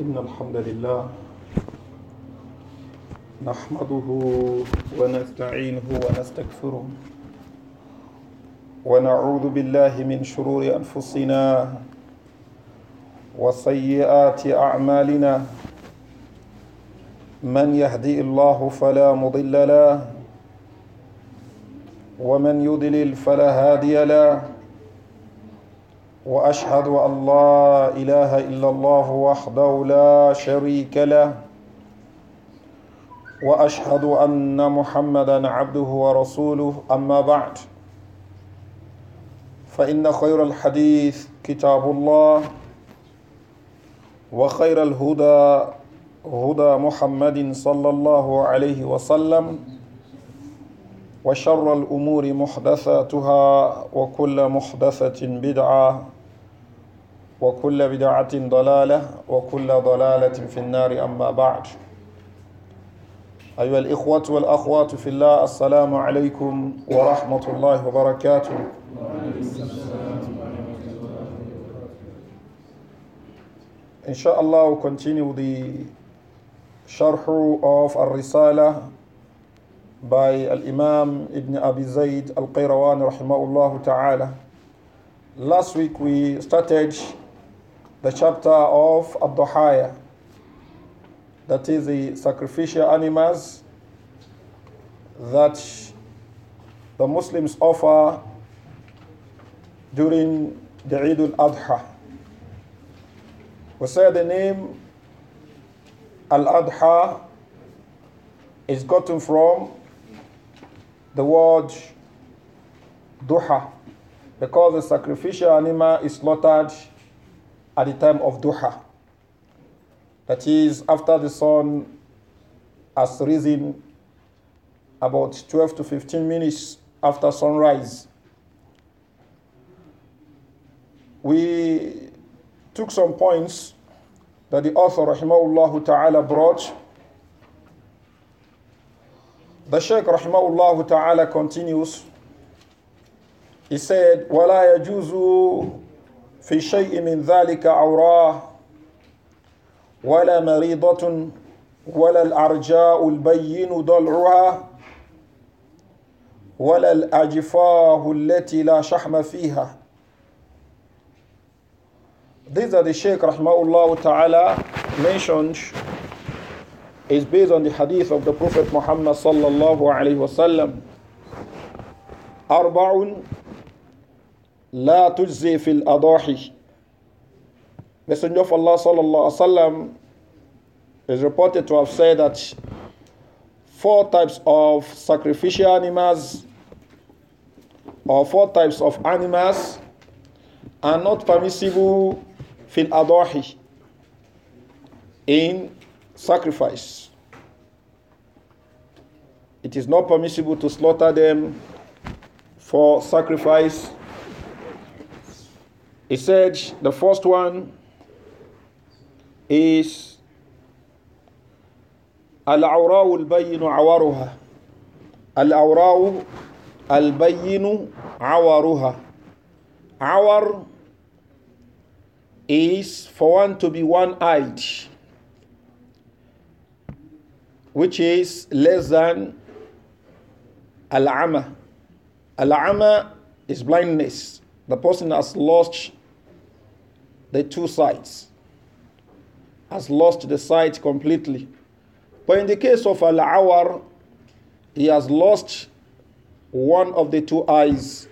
إن الحمد لله نحمده ونستعينه ونستكفره ونعوذ بالله من شرور أنفسنا وسيئات أعمالنا من يهدي الله فلا مضل له ومن يضلل فلا هادي له واشهد ان لا اله الا الله وحده لا شريك له واشهد ان محمدا عبده ورسوله اما بعد فان خير الحديث كتاب الله وخير الهدى هدى محمد صلى الله عليه وسلم وشر الامور محدثاتها وكل محدثه بدعه وكل بدعة ضلالة وكل ضلالة في النار أما بعد أيها الإخوة والأخوات في الله السلام عليكم ورحمة الله وبركاته إن شاء الله we'll continue the شرح of الرسالة by الإمام ابن أبي زيد القيروان رحمه الله تعالى Last week we started the chapter of Abduhaya, that is the sacrificial animals that the Muslims offer during the Eid al-Adha. We say the name Al-Adha is gotten from the word duha because the sacrificial animal is slaughtered at the time of Duha. That is, after the sun has risen about 12 to 15 minutes after sunrise. We took some points that the author, rahimahullah ta'ala, brought. The Shaykh, rahimahullah ta'ala, continues. He said, وَلَا يَجُوزُ في شيء من ذلك عوراه ولا مريضة ولا الأرجاء البين ضلعها ولا الأجفاه التي لا شحم فيها These are the Shaykh Rahmahullah Ta'ala mentions is based on the hadith of the Prophet Muhammad Sallallahu Alaihi Wasallam. أربع La tujzi fil adahi. Messenger of Allah sallallahu alaihi wasallam is reported to have said that four types of sacrificial animals or four types of animals are not permissible fil adahi in sacrifice. It is not permissible to slaughter them for sacrifice he said the first one is Al-awraw al-bayinu awaruha. Al-awraw al-bayinu awaruha. Awar is for one to be one-eyed, which is less than al-ama. Al-ama is blindness the person has lost the two sides, has lost the sight completely. But in the case of Al Awar, he has lost one of the two eyes.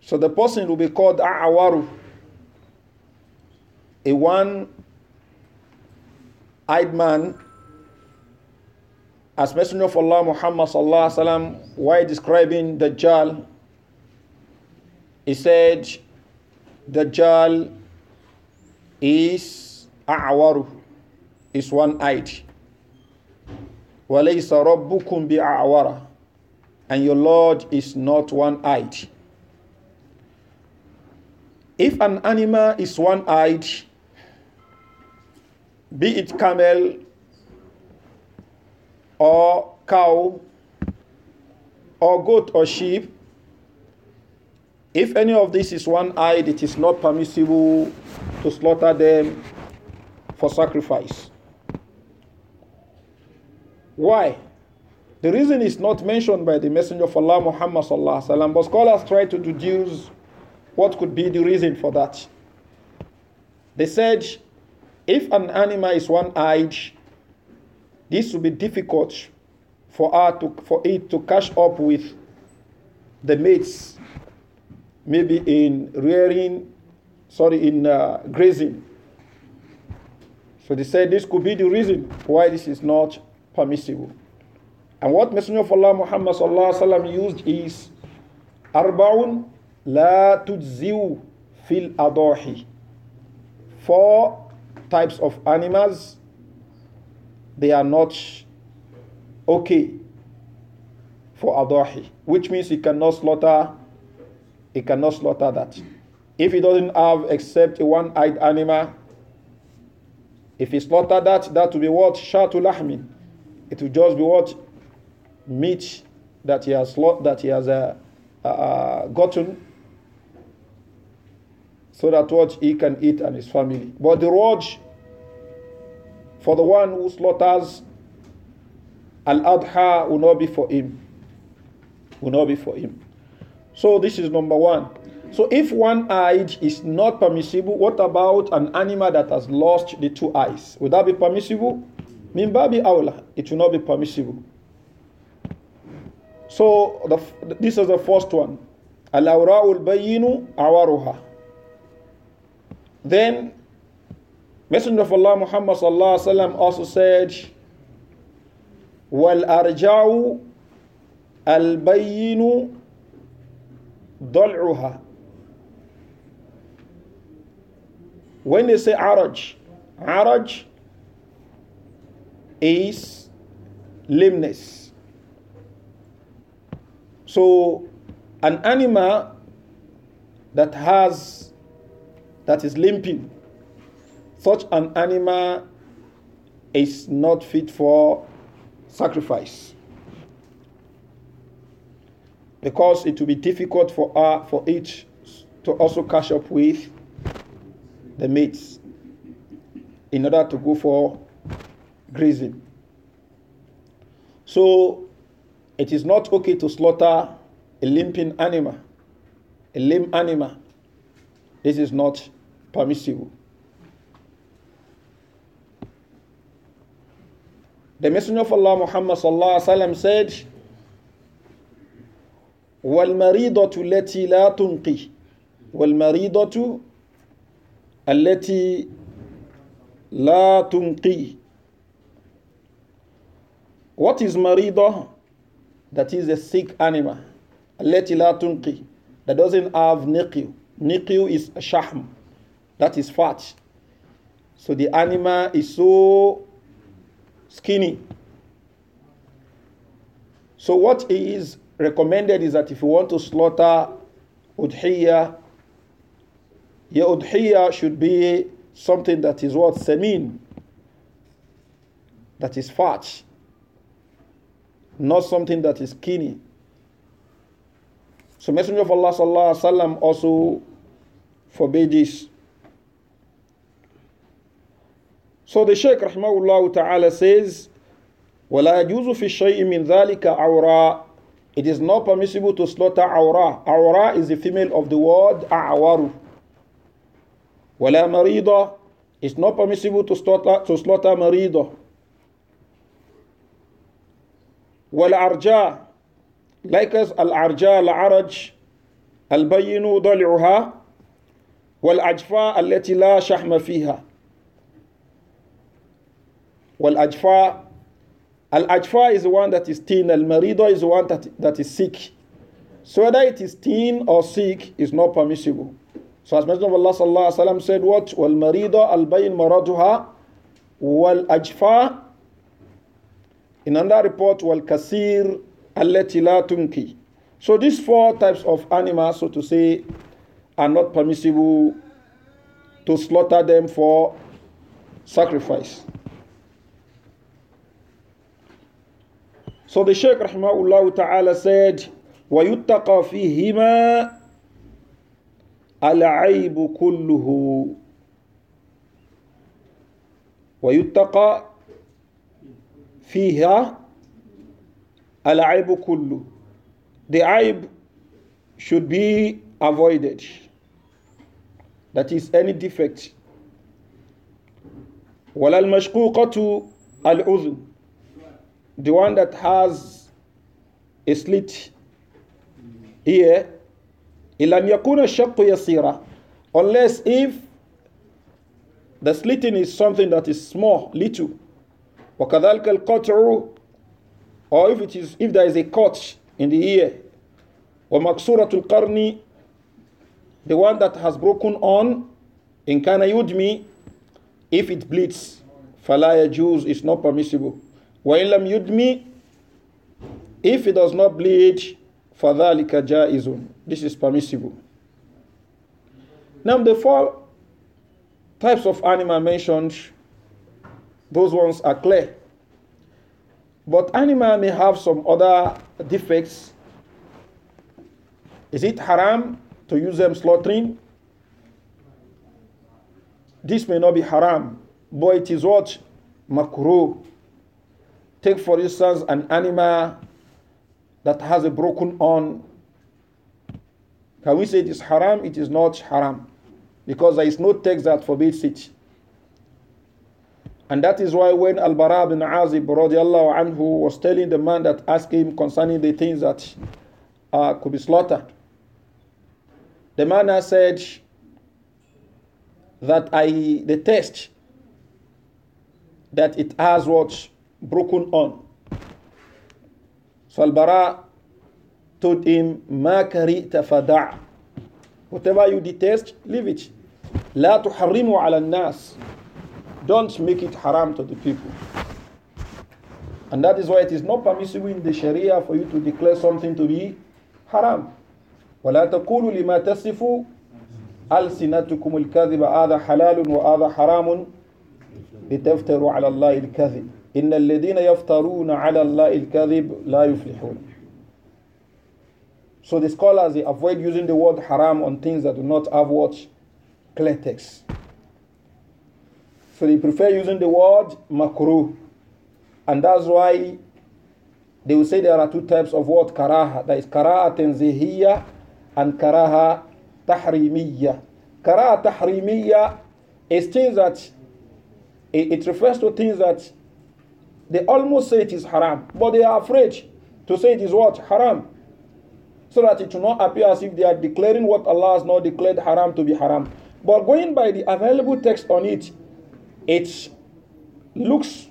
So the person will be called A'awaru, a one eyed man. As Messenger of Allah Muhammad, while describing Dajjal, he said, Dajjal is a'waru, is one-eyed. وَلَيْسَ رَبُّكُمْ بِأَعْوَرَ And your Lord is not one-eyed. If an animal is one-eyed, be it camel or cow or goat or sheep, if any of this is one eyed, it is not permissible to slaughter them for sacrifice. Why? The reason is not mentioned by the Messenger of Allah Muhammad, وسلم, but scholars try to deduce what could be the reason for that. They said if an animal is one eyed, this will be difficult for, her to, for it to catch up with the mates maybe in rearing, sorry, in uh, grazing. So they said this could be the reason why this is not permissible. And what Messenger of Allah Muhammad sallallahu used is arbaun la tujziu fil adahi. Four types of animals they are not okay for adahi, which means you cannot slaughter he cannot slaughter that. If he doesn't have except one eyed animal, if he slaughter that, that will be what? Shatul It will just be what? Meat that he has, that he has uh, uh, uh, gotten so that what he can eat and his family. But the reward for the one who slaughters al adha will not be for him. Will not be for him. So this is number one. So if one eyed is not permissible, what about an animal that has lost the two eyes? Would that be permissible? Mimbabi aula, it will not be permissible. So the, this is the first one. al bayinu awaruha. Then Messenger of Allah Muhammad also said, "Wal arja'u al-bayinu Dol'uha. When they say araj, araj is lameness. So, an animal that has, that is limping, such an animal is not fit for sacrifice because it will be difficult for her, for each to also catch up with the mates in order to go for grazing. So it is not okay to slaughter a limping animal, a lame animal. This is not permissible. The Messenger of Allah Muhammad said, والمريضة التي لا تنقي والمريضة التي لا تنقي What is maridah? That is a sick animal. Allati la tunqi. That doesn't have niqyu. Niqyu is shahm. That is fat. So the animal is so skinny. So what is recommended is that if you want to slaughter udhiyah, your udhiyah should be something that is what? Semin. That is fat. Not something that is skinny. So Messenger of Allah sallallahu alaihi wasallam also forbade this. So the Shaykh rahmahullah ta'ala says, وَلَا يَجُوزُ فِي الشَّيْءِ مِنْ ذَلِكَ عَوْرًا It is not permissible to slaughter awra. Awra is the female of the word awaru. Wala marida. It's not permissible to slaughter, to slaughter marida. Wala arja. Like Likewise, al arja, al araj. Al bayinu dali'uha. Wal ajfa allati la shahma fiha. Wal ajfa Al Ajfa is the one that is thin, Al Marido is the one that, that is sick. So whether it is thin or sick is not permissible. So as Messenger of Allah sallallahu alaihi wasallam said, what wal marido al bayn maraduha wal ajfa. In another report, wal kasir al la tunki. So these four types of animals, so to say, are not permissible to slaughter them for sacrifice. So the Shaykh Rahmahullah Ta'ala said, وَيُتَّقَى فِيهِمَا الْعَيْبُ كُلُّهُ وَيُتَّقَى فِيهَا الْعَيْبُ كُلُّهُ The aib should be avoided. That is any defect. وَلَا الْمَشْقُوقَةُ الْعُذْنُ the one that has a slit here, إِلَمْ يَكُونَ الشَّقُّ Unless if the slitting is something that is small, little. وَكَذَلْكَ الْقَطْعُ Or if, it is, if there is a cut in the ear. وَمَكْسُورَةُ الْقَرْنِ The one that has broken on, in kana yudmi, if it bleeds, فَلَا يَجُوز is not permissible. وَإِلَّمْ يُدْمِ If it does not bleed, فَذَلِكَ جَائِزٌ This is permissible. Now the four types of animal mentioned, those ones are clear. But animal may have some other defects. Is it haram to use them slaughtering? This may not be haram, but it is what? Makruh Take, for instance, an animal that has a broken horn. Can we say it is haram? It is not haram because there is no text that forbids it. And that is why when Al-Bara bin Azib anhu, was telling the man that asked him concerning the things that uh, could be slaughtered, the man said that I detest that it has what broken on. So Al-Bara told him, Ma kari Whatever you detest, leave it. لا tuharrimu على nas. Don't make it haram to the people. And that is why it is not permissible in the Sharia for you to declare something to be haram. ولا تقولوا لما تصفوا ألسنتكم الكذب هذا حلال وهذا حرام لتفتروا على الله الكذب إن الذين يفترون على الله الكذب لا يفلحون So the scholars they avoid using the word haram on things that do not have what clear text. So they prefer using the word makruh, and that's why they will say there are two types of word karaha. That is karaha tanzihiyya and karaha tahrimiyya. Karaha tahrimiyya is things that it, it refers to things that they almost say it is haram, but they are afraid to say it is what? Haram. So that it will not appear as if they are declaring what Allah has not declared haram to be haram. But going by the available text on it, it looks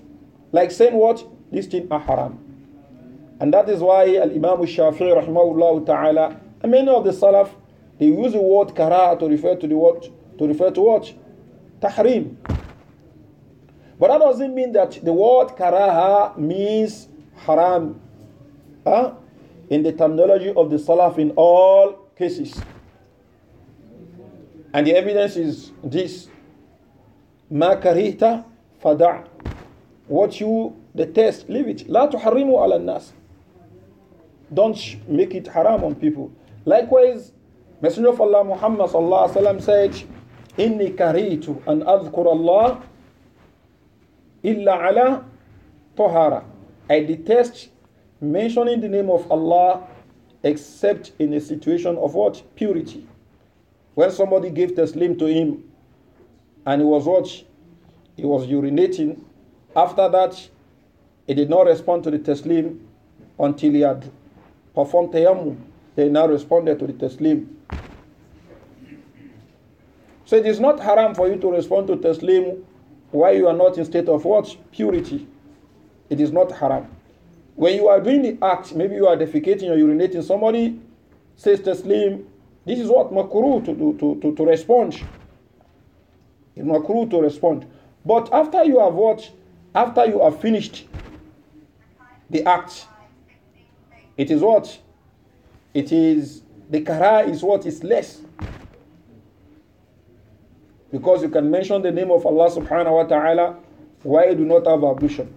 like saying what? These things are haram. And that is why Al Imam Shafi'i rahimahullah ta'ala and many of the Salaf they use the word kara to refer to the word to refer to what? Tahrim. But that doesn't mean that the word karaha means haram. Huh? In the terminology of the Salaf in all cases. And the evidence is this. makarita fada' What you detest, leave it. La harimu ala nas. Don't make it haram on people. Likewise, Messenger of Allah Muhammad sallallahu alaihi wasallam said, "Inni karitu an adhkur Allah illa ala tahara. I detest mentioning the name of Allah except in a situation of what? Purity. When somebody gave taslim to him and he was what? He was urinating. After that, he did not respond to the taslim until he had performed tayammum. They now responded to the taslim. So it is not haram for you to respond to taslim why you are not in state of what? Purity. It is not haram. When you are doing the act, maybe you are defecating or urinating, somebody says Slim, This is what makruh to, do, to, to, to respond. It's makruh to respond. But after you have what? After you have finished the act, it is what? It is, the kara is what is less. Because you can mention the name of Allah subhanahu wa ta'ala why you do not have ablution.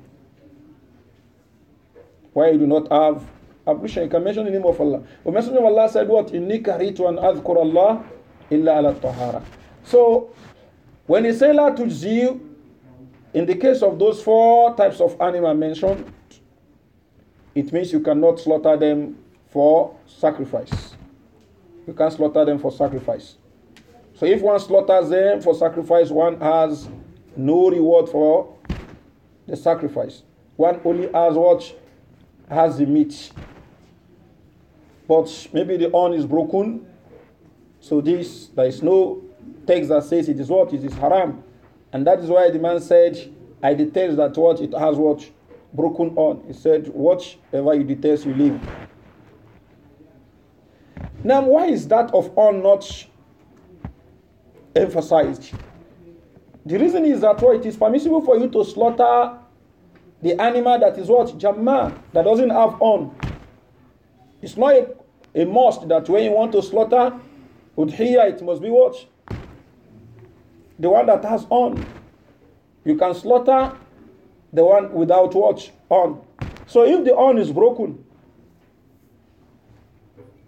Why you do not have ablution. You can mention the name of Allah. The Messenger of Allah said what? Inni karitu an adhkur Allah illa ala tahara. So, when he say la tujziyu, in the case of those four types of animal mentioned, it means you cannot slaughter them for sacrifice. You can't slaughter them for sacrifice. So if one slaughters them for sacrifice, one has no reward for the sacrifice. One only has what? Has the meat. But maybe the horn is broken. So this, there is no text that says it is what? It is haram. And that is why the man said, I detest that what? It has what? Broken horn. He said, whatever you detest, you leave. Now, why is that of horn not emphasized. The reason is that well, it is permissible for you to slaughter the animal that is what? Jamma, that doesn't have on. It's not a, a must that when you want to slaughter here it must be what? The one that has on. You can slaughter the one without watch on. So if the on is broken,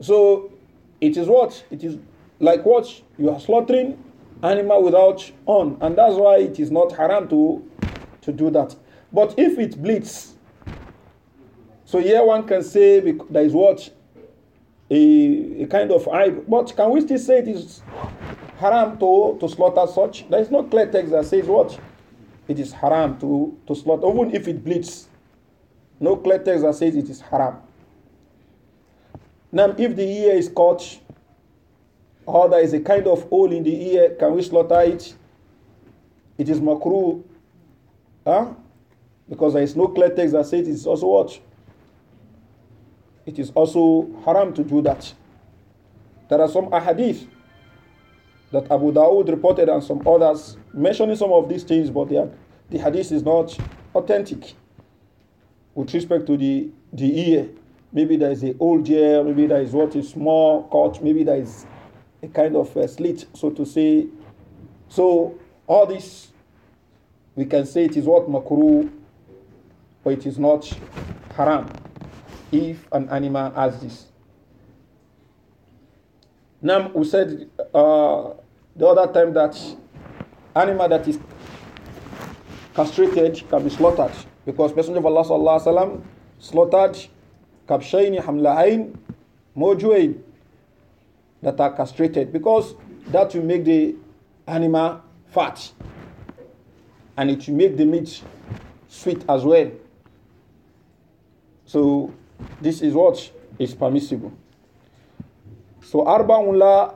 so it is what? It is like what? You are slaughtering animal without on, and that's why it is not haram to, to do that. But if it bleeds, so here one can say there is what a, a kind of eye, but can we still say it is haram to, to slaughter such? There is no clear text that says what it is haram to, to slaughter, even if it bleeds. No clear text that says it is haram. Now, if the ear is caught, or there is a kind of hole in the ear, can we slaughter it? It is makruh. Huh? Because there is no clear text that says it is also what? It is also haram to do that. There are some ahadith that Abu Dawood reported and some others mentioning some of these things, but are, the hadith is not authentic with respect to the, the ear. Maybe there is a old ear, maybe there is what is small cut, maybe there is a kind of a uh, slit, so to say. So all this, we can say it is what makruh, but it is not haram if an animal has this. Now we said uh, the other time that animal that is castrated can be slaughtered because Messenger of Allah sallallahu alaihi wasallam slaughtered kabshayni hamlahain mojuain that are castrated because that will make the animal fat and it will make the meat sweet as well. So this is what is permissible. So أربع لا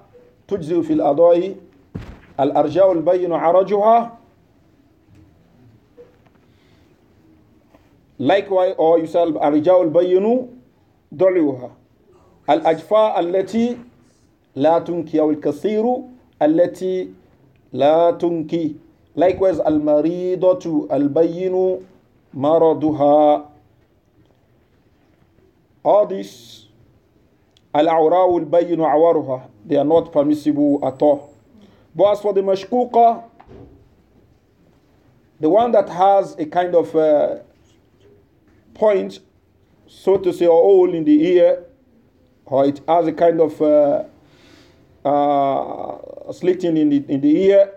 تجزي في الأضاء الأرجاء البين عرجها likewise or يسال الأرجاء البين ضلوها الأجفاء التي لا تنكي أو الكثير التي لا تنكي likewise المريضة البين مرضها all this الأعراء البين عورها they are not permissible at all but as for the mashkuka the one that has a kind of uh, point so to say a hole in the ear or it has a kind of uh, uh, slitting in the, in the ear.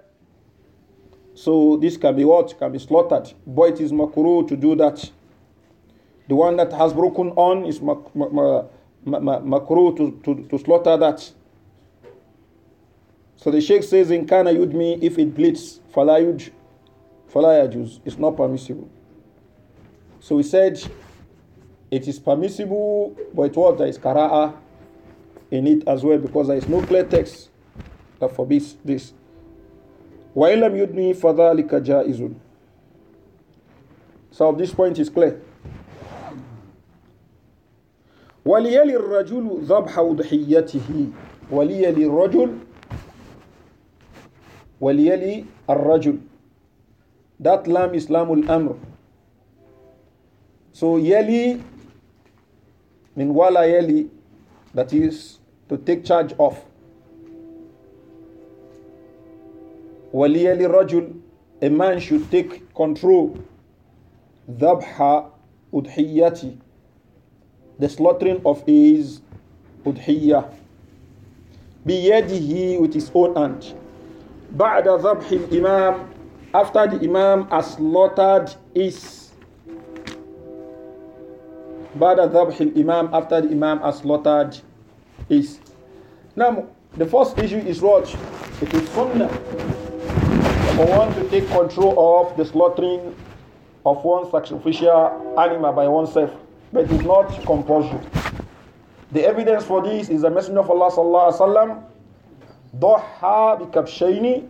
So this can be what? Can be slaughtered. But it is makruh to do that. The one that has broken on is mak- makruh to, to, to slaughter that. So the Sheikh says, in kana yudmi, if it bleeds, fala yud, fala It's not permissible. So we said, it is permissible, but what? There is kara'ah in it as well because there is no clear text that forbids this. وَإِلَمْ يُدْنِي فَذَلِكَ جَائِزٌ So this point is clear. وَلِيَلِ الرَّجُلُ ذَبْحَ أُضْحِيَّتِهِ وَلِيَلِ الرَّجُلُ وَلِيَلِ الرَّجُلُ That lam is lamul amr. So yali min wala yali that is to take charge of. وليلي a man should take control ذبح udhiyati the slaughtering of his udhiyah biyadihi with his own hand بعد ذبح imam after the imam has slaughtered his بعد ذبح imam after the imam has slaughtered is. Now, the first issue is what? It is sunnah for one to take control of the slaughtering of one sacrificial animal by oneself, but it is not compulsory. The evidence for this is the Messenger of Allah sallallahu alaihi wasallam ضحى بكبشين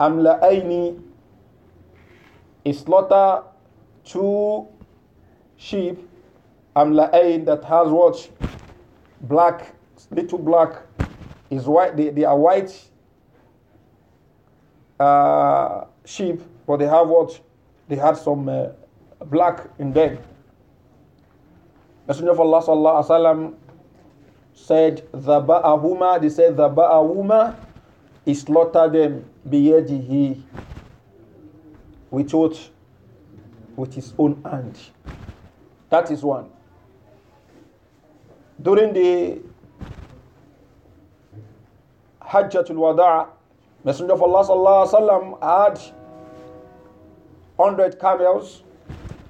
aini He slaughtered two sheep أملأين that has what? Black little black is white. They, they are white uh, sheep, but they have what? They had some uh, black in them. Messenger of Allah sallallahu alaihi wasallam said, "The "Zaba'ahuma." They said, "Zaba'ahuma." He slaughtered them biyadihi with what? With his own hand. That is one. During the Hajjatul Wada', Messenger of Allah sallallahu alaihi wasallam had 100 camels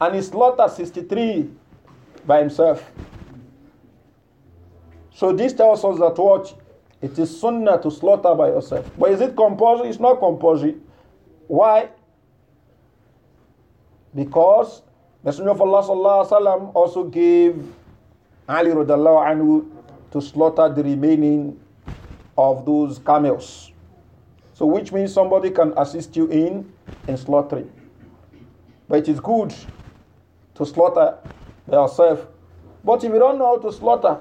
and he slaughtered 63 by himself. So this tells us that what it is sunnah to slaughter by yourself. But is it compulsory? It's not compulsory. Why? Because Messenger of Allah sallallahu alaihi wasallam also gave Ali radallahu anhu to slaughter the remaining of those camels. So, which means somebody can assist you in, in slaughtering. But it is good to slaughter by yourself. But if you don't know how to slaughter,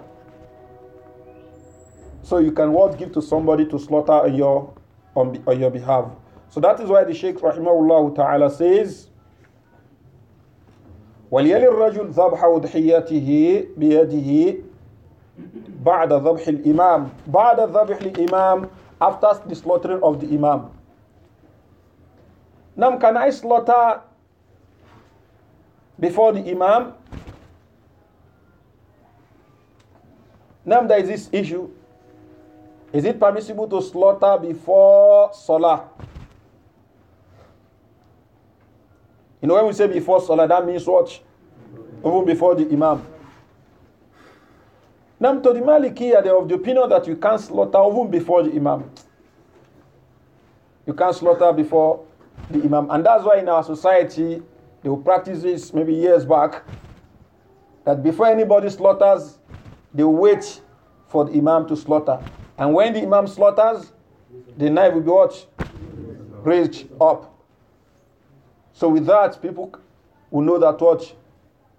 so you can what give to somebody to slaughter on your, on, on your behalf. So that is why the Sheikh Rahimahullah Ta'ala says, وَلْيَلِ الرَّجُلْ ذَبْحَ وَضْحِيَّتِهِ بِيَدِهِ بعد ذبح الإمام بعد ذبح الإمام after the slaughtering of the Imam نعم، can I slaughter before the Imam نعم، there is this issue is it permissible to slaughter before Salah you know when we say before Salah that means what even before the Imam Now, to the Maliki, they of the opinion that you can't slaughter even before the Imam. You can't slaughter before the Imam. And that's why in our society, they will practice this maybe years back that before anybody slaughters, they wait for the Imam to slaughter. And when the Imam slaughters, the knife will be what? Raised up. So with that, people will know that what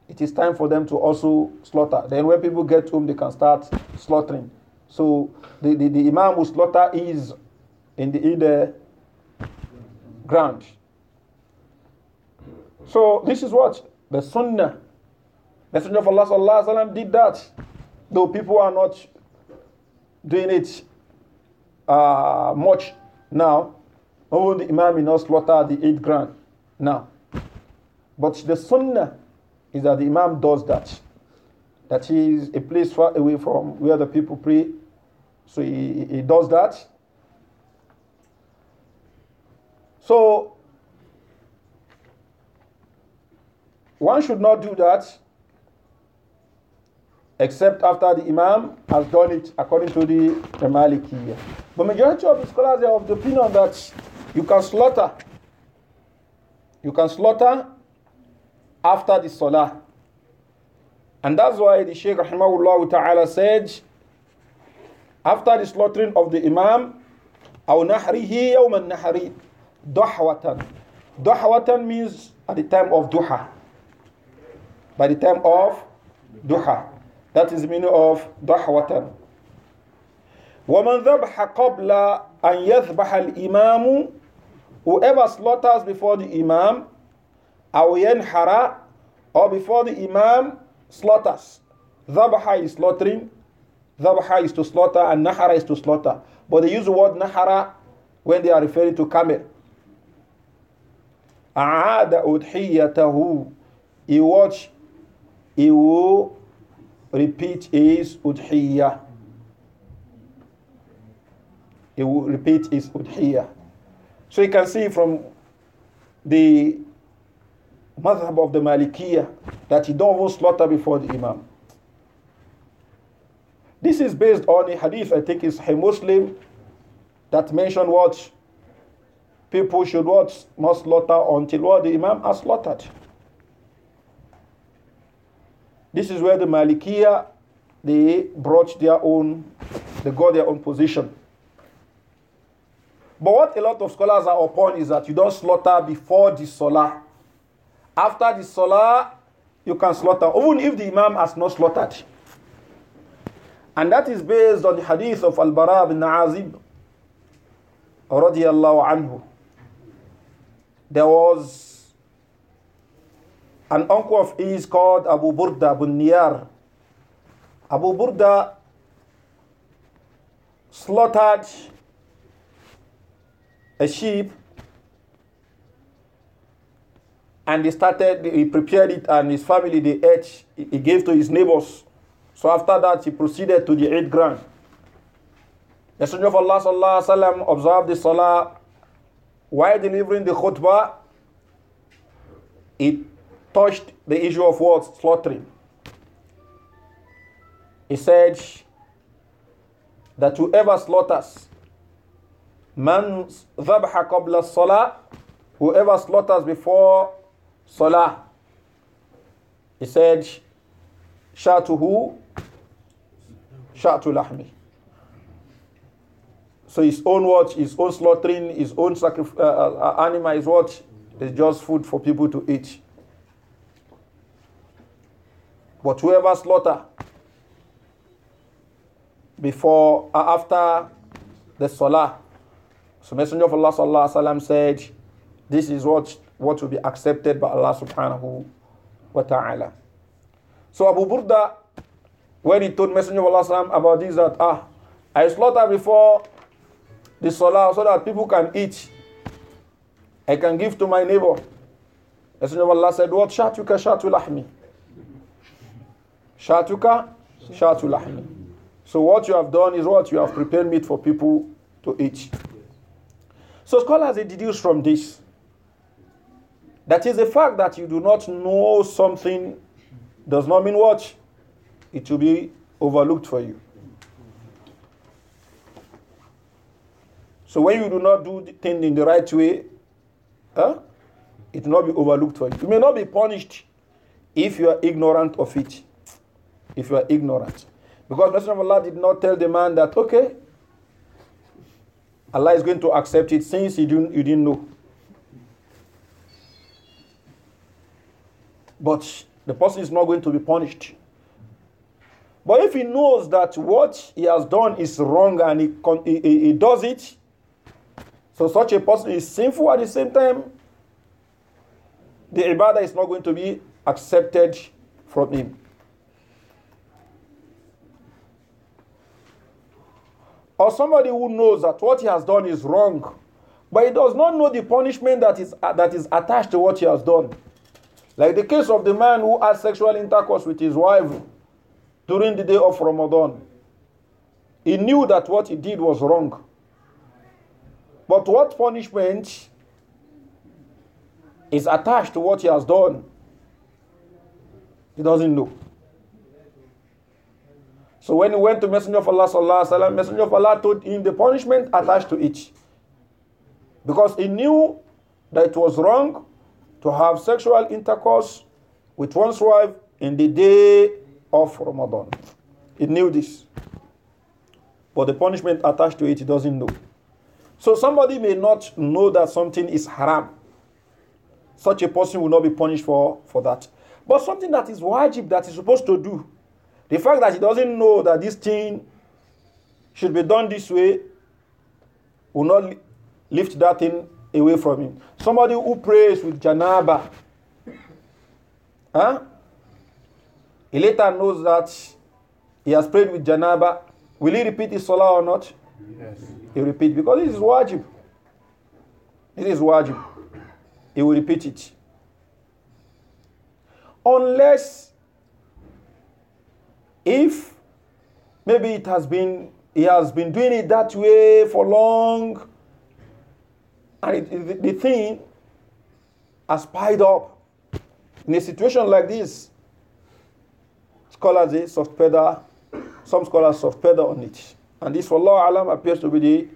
it is time for them to also slaughter. Then when people get home, they can start slaughtering. So the, the, the imam will slaughter is in the, in the ground. So this is what the sunnah. The Messenger of Allah sallallahu alaihi wasallam did that, though people are not doing it uh, much now. Even the imam will us slaughter the eight grand now, but the sunnah is that the Imam does that. That he is a place far away from where the people pray. So he, he does that. So one should not do that except after the Imam has done it according to the, the Maliki. But majority of the scholars are of the opinion that you can slaughter. You can slaughter after the salah. And that's why the Shaykh Rahimahullah Ta'ala said, after the slaughtering of the Imam, أو نحره يوم النحر دحوة دحوة means at the time of duha. By the time of duha. That is the meaning of دحوة. ومن ذبح قبل أن يذبح الإمام Whoever slaughters before the Imam Awayan hara, or before the Imam slaughters. Dhabaha is slaughtering. Dhabaha is to slaughter and Nahara is to slaughter. But they use the word Nahara when they are referring to camel. Aada udhiyatahu. He watch, he will repeat his udhiyah. He will repeat his udhiyah. So you can see from the madhab of the Malikiyah that you don't even slaughter before the Imam. This is based on a hadith, I think is a Muslim, that mentioned what people should what must slaughter until what the Imam has slaughtered. This is where the Malikia they brought their own, they got their own position. But what a lot of scholars are upon is that you don't slaughter before the Salah. After the salah, you can slaughter, even if the imam has not slaughtered. And that is based on the hadith of Al-Bara bin Azib radiallahu anhu. There was an uncle of his called Abu Burda bin Niyar. Abu Burda slaughtered a sheep and he started, he prepared it, and his family, they ate, he gave to his neighbors. So after that, he proceeded to the Eid ground. The Messenger of Allah sallallahu alaihi wasallam observed the salah while delivering the khutbah. It touched the issue of what slaughtering. He said that whoever slaughters, man zabha qabla salah, whoever slaughters before Salah. He said, Shatuhu, Shatu Lahmi. So his own watch, His own slaughtering, his own sacrifice, uh, uh animal is watch is just food for people to eat. But whoever slaughter before or uh, after the salah, so Messenger of Allah said, "This is what what will be accepted by Allah subhanahu wa ta'ala. So Abu Burda, when he told Messenger of Allah salam, about this, that, ah, I slaughter before the salah so that people can eat. I can give to my neighbor. Messenger of Allah said, What shatuka shatu lahmi? Shatuka shatu lahmi. So what you have done is what you have prepared meat for people to eat. So scholars they deduce from this that is the fact that you do not know something does not mean what? It will be overlooked for you. So when you do not do the thing in the right way, huh, it will not be overlooked for you. You may not be punished if you are ignorant of it. If you are ignorant. Because Messenger of Allah did not tell the man that, okay, Allah is going to accept it since you didn't, you didn't know. but the person is not going to be punished. But if he knows that what he has done is wrong and he, he, he, does it, so such a person is sinful at the same time, the ibadah is not going to be accepted from him. Or somebody who knows that what he has done is wrong, but he does not know the punishment that is, that is attached to what he has done. Like the case of the man who had sexual intercourse with his wife during the day of Ramadan. He knew that what he did was wrong. But what punishment is attached to what he has done? He doesn't know. So when he went to Messenger of Allah, sallallahu sallam, Messenger of Allah told him the punishment attached to it. Because he knew that it was wrong, to have sexual intercourse with one's wife in the day of Ramadan. He knew this. But the punishment attached to it, he doesn't know. So somebody may not know that something is haram. Such a person will not be punished for, for that. But something that is wajib, that is supposed to do, the fact that he doesn't know that this thing should be done this way will not lift that thing away from him. Somebody who prays with janaba. Huh? He later knows that he has prayed with janaba. Will he repeat his salah or not? Yes. He repeat because this is wajib. This is wajib. He will repeat it. Unless if maybe it has been he has been doing it that way for long and the, the thing has piled up. In a situation like this, scholars they eh, soft pedal, some scholars soft pedal on it. And this, for Allah Alam, appears to be the,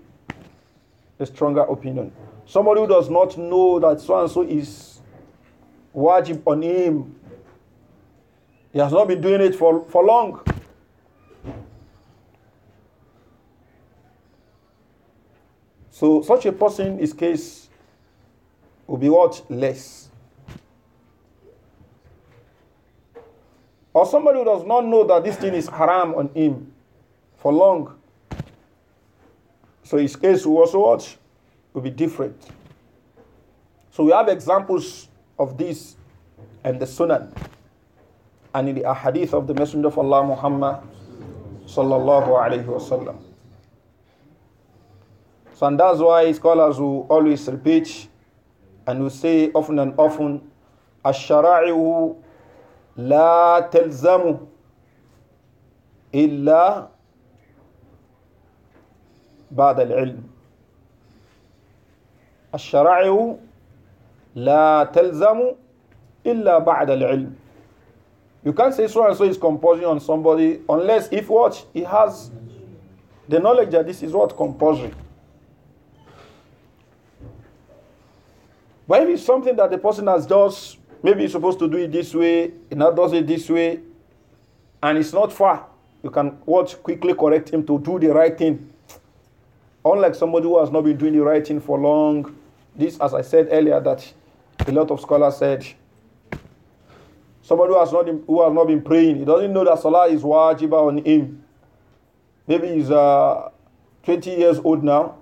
the stronger opinion. Somebody who does not know that so and so is wajib on him, he has not been doing it for, for long. So such a person, his case will be worth Less. Or somebody who does not know that this thing is haram on him for long. So his case will also watch Will be different. So we have examples of this and the Sunan and in the ahadith of the Messenger of Allah Muhammad sallallahu alaihi wasallam. So, and that's why scholars will always repeat and will say often and often, الشرائع لا تلزم إلا بعد العلم la telzamu illa إلا al-'ilm. You can't say so and so is composing on somebody unless if what he has the knowledge that this is what composing. But if it's something that the person has just maybe you're supposed to do it this way, and now does it this way, and it's not far, you can watch quickly correct him to do the right thing. Unlike somebody who has not been doing the right thing for long, this, as I said earlier, that a lot of scholars said. Somebody who has not been, who has not been praying, he doesn't know that salah is wajiba on him. Maybe he's uh, 20 years old now,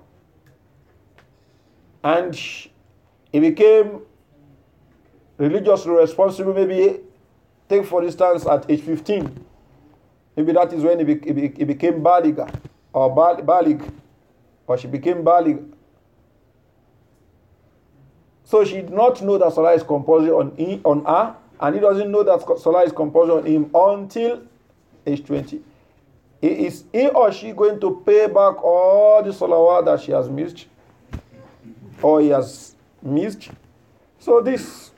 and he became religiously responsible. Maybe, take for instance, at age 15, maybe that is when he, be, he, became Baliga or Balig, or she became Balig. So she did not know that Salah is compulsory on, on her, and he doesn't know that Salah is compulsory on him until age 20. Is he or she going to pay back all the salawat that she has missed or he has missed. So this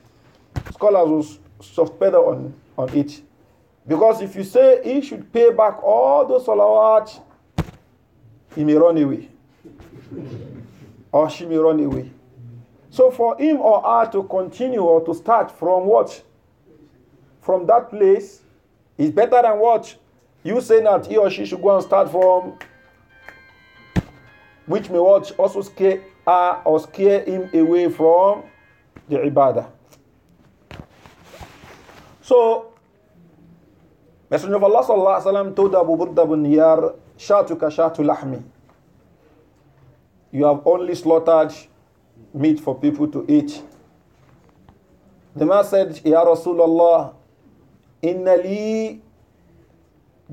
scholars will soft pedal on, on it. Because if you say he should pay back all those salawat, he may run away. or she may run away. So for him or her to continue or to start from what? From that place is better than what? You say that he or she should go and start from, which may what also scare her or scare him away from the ibadah. So, Messenger of Allah sallallahu alaihi wasallam told Abu Burda bin Yar, "Shatuka shatu lahmi." You have only slaughtered meat for people to eat. The man said, "Ya Rasulullah, inna li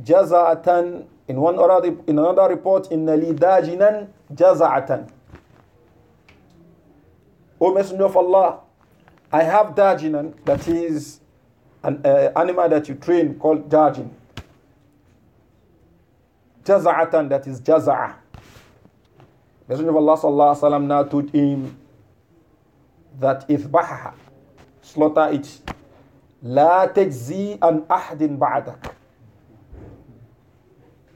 jaza'atan." In one other, in another report, "Inna li dajinan jaza'atan." O Messenger of Allah, I have dajinan, that is an uh, animal that you train called dajin. Jaza'atan, that is jaza'a. Messenger of Allah sallallahu alaihi wasallam now told him that Baha slaughter it. La tajzi an ahdin ba'dak.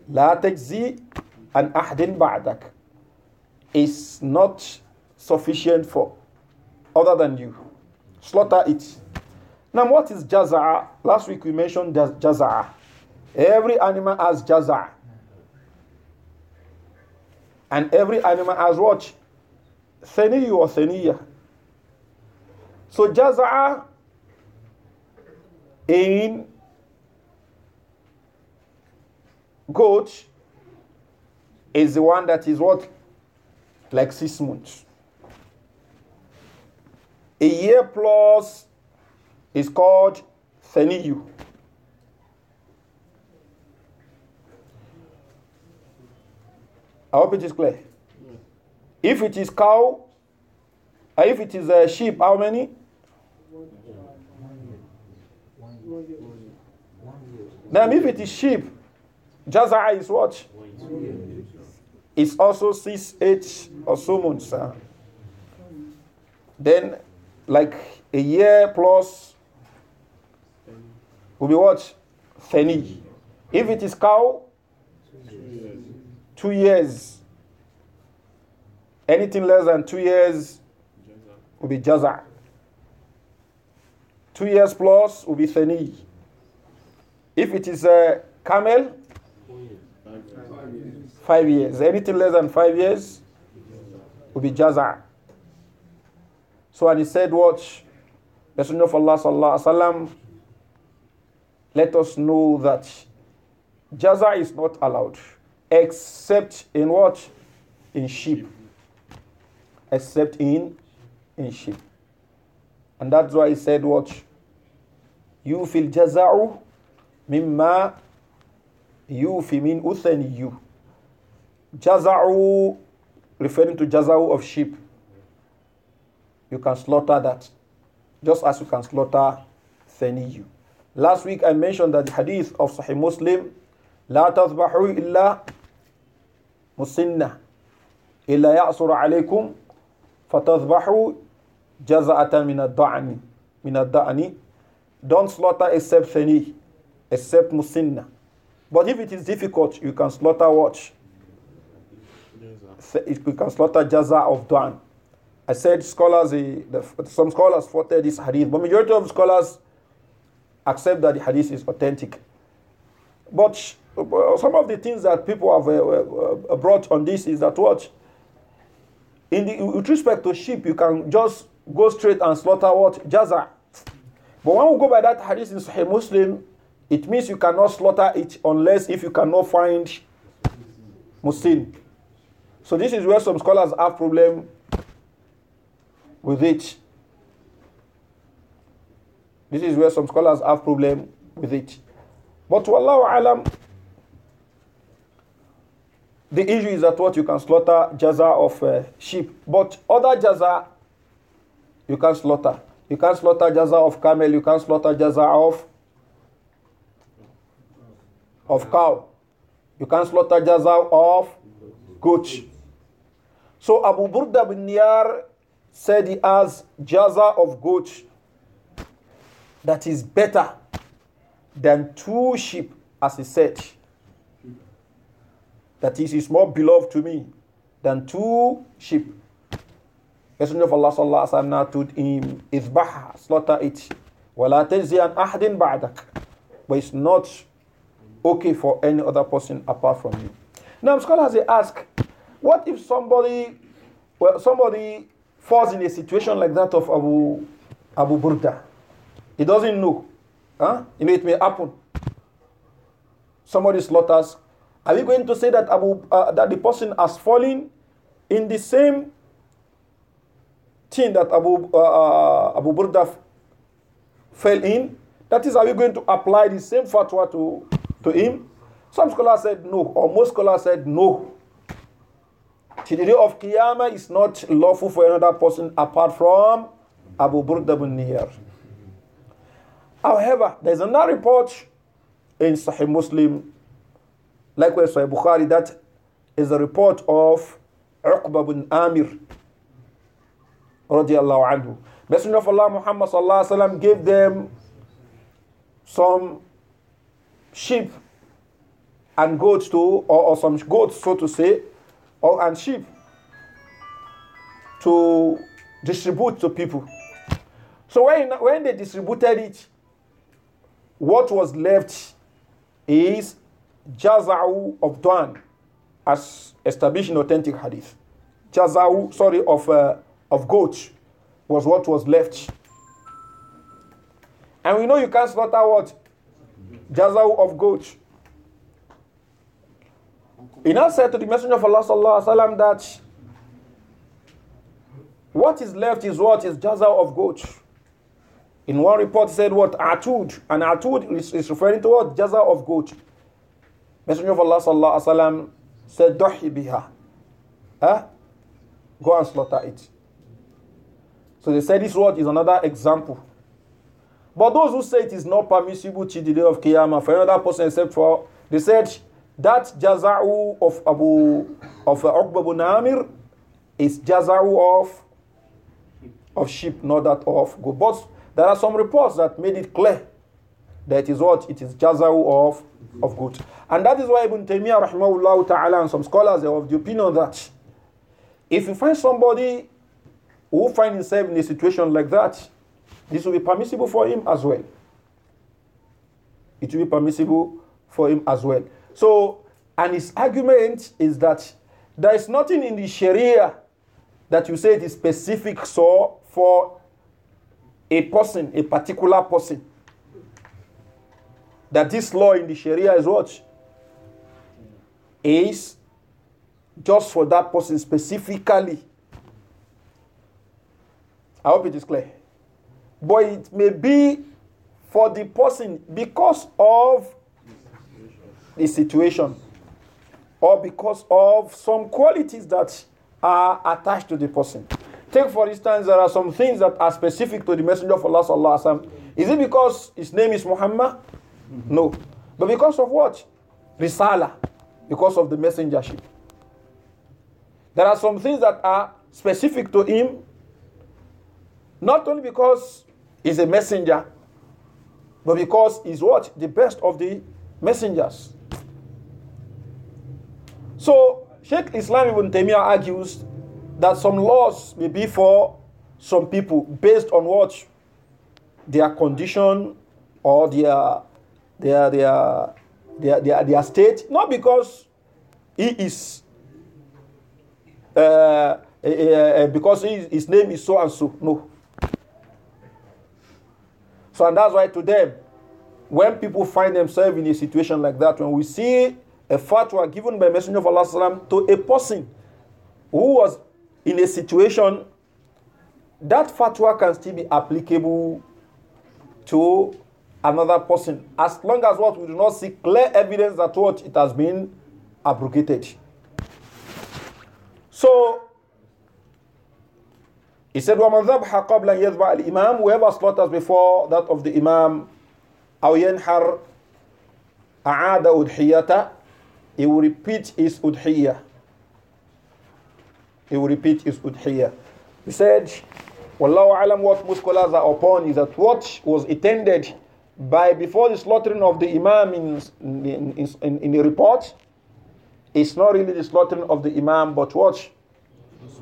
La tajzi an ahdin ba'dak. It's not sufficient for other than you. Slaughter it. Now, what is jaza'a? Last week we mentioned jaza'a. Every animal has jaza'a. And every animal has what? Thaniyu or thaniya. So jaza'a in goat is the one that is what? Like six months. A year plus is called seniyo. I hope it is clear. If it is cow, uh, if it is a uh, sheep, how many? Then if it is sheep, Jaza is what? It's also six, eight or so months. Then like a year plus will be what? Thani. If it is cow, two years. Anything less than two years will be jaza. Two years plus will be thani. If it is a uh, camel, five years. Anything less than five years will be jaza. So, and he said, Watch, messenger of Allah, sallallahu alayhi wa let us know that jaza is not allowed except in what? In sheep. Except in in sheep. And that's why he said, Watch, you feel jaza'u mimma you fi min uthani you. Jaza'u referring to jaza'u of sheep you can slaughter that, just as you can slaughter thaniyu. Last week I mentioned that the hadith of Sahih Muslim, لا تذبحوا إلا مسنة إلا يأسر عليكم فتذبحوا جزاء من الدعن من الدعن Don't slaughter except thani, except musinna. But if it is difficult, you can slaughter what? You can slaughter jaza of dan. I said scholars, eh, the, the, some scholars faulted this hadith, but majority of scholars accept that the hadith is authentic. But uh, some of the things that people have uh, uh, uh, brought on this is that what, in the, with respect to sheep, you can just go straight and slaughter what jaza. But when we go by that hadith in Sahih Muslim, it means you cannot slaughter it unless if you cannot find Muslim, So this is where some scholars have problem with it. This is where some scholars have problem with it. But wallahu alam, the issue is that what you can slaughter jaza of uh, sheep, but other jaza you can slaughter. You can slaughter jaza of camel, you can slaughter jaza of of cow. You can slaughter jaza of goat. So Abu Burda bin Niyar said he has jaza of goat that is better than two sheep, as he said. That is, is more beloved to me than two sheep. Messenger of Allah sallallahu alaihi wasallam told him, "Izbah, slaughter it, wala an ahdin ba'dak." But it's not okay for any other person apart from you. Now, scholars they ask, what if somebody, well, somebody falls in a situation like that of Abu, Abu Burda, he doesn't know. Huh? You know, it may happen. Somebody slaughters. Are we going to say that, Abu, uh, that the person has fallen in the same thing that Abu, uh, uh Abu Burda fell in? That is, are we going to apply the same fatwa to, to him? Some scholars said no, or most scholars said no the day of Qiyamah is not lawful for another person apart from Abu Burda bin Niyar. However, there's another report in Sahih Muslim, likewise Sahih Bukhari, that is a report of Uqba bin Amir radiallahu anhu. Messenger of Allah Muhammad sallallahu alaihi wasallam gave them some sheep and goats to, or, or some goats, so to say, or and sheep to distribute to people. So when, when they distributed it, what was left is jaza'u of Duan, as established in authentic hadith. Jaza'u, sorry, of, uh, of goat was what was left. And we know you can't slaughter what? Jaza'u of goat. He now said to the Messenger of Allah sallallahu that what is left is what is jaza of goat. In one report said what atud and atud is, is referring to what jaza of goat. Messenger of Allah sallallahu said dohi biha, huh? Go and slaughter it. So they said this word is another example. But those who say it is not permissible to the day of Qiyamah for another person except for, they said that jaza'u of Abu of uh, Uqba Naamir Amir is jaza'u of of sheep, not that of goat. But there are some reports that made it clear that is what it is jaza'u of of goat. And that is why Ibn Taymiyyah rahimahullah ta'ala and some scholars are of the opinion that if you find somebody who find himself in a situation like that, this will be permissible for him as well. It will be permissible for him as well. So, and his argument is that there is nothing in the Sharia that you say it is specific so for a person, a particular person. That this law in the Sharia is what? Is just for that person specifically. I hope it is clear. But it may be for the person because of the situation or because of some qualities that are attached to the person. Take, for instance, there are some things that are specific to the Messenger of Allah. Sallallahu Alaihi Wasallam. Is it because his name is Muhammad? Mm-hmm. No. But because of what? Risala. Because of the messengership. There are some things that are specific to him, not only because he's a messenger, but because he's what? The best of the messengers. So Sheikh Islam ibn Taymiyyah argues that some laws may be for some people based on what their condition or their their their their, their, their state, not because he is uh, uh, uh, because his name is so and so. No. So and that's why to them, when people find themselves in a situation like that, when we see a fatwa given by Messenger of Allah to a person who was in a situation, that fatwa can still be applicable to another person as long as what we do not see clear evidence that what it has been abrogated. So he said, وَمَنْ ذَبْحَ قَبْلَ يَذْبَعَ الْإِمَامِ Whoever slaughters before that of the Imam أَوْ يَنْحَرْ أَعَادَ أُدْحِيَّةَ he will repeat his udhiyah. He will repeat his udhiyah. He said, Wallahu alam what most scholars are upon is that what was intended by before the slaughtering of the imam in, in, in, in the report it's not really the slaughtering of the imam but what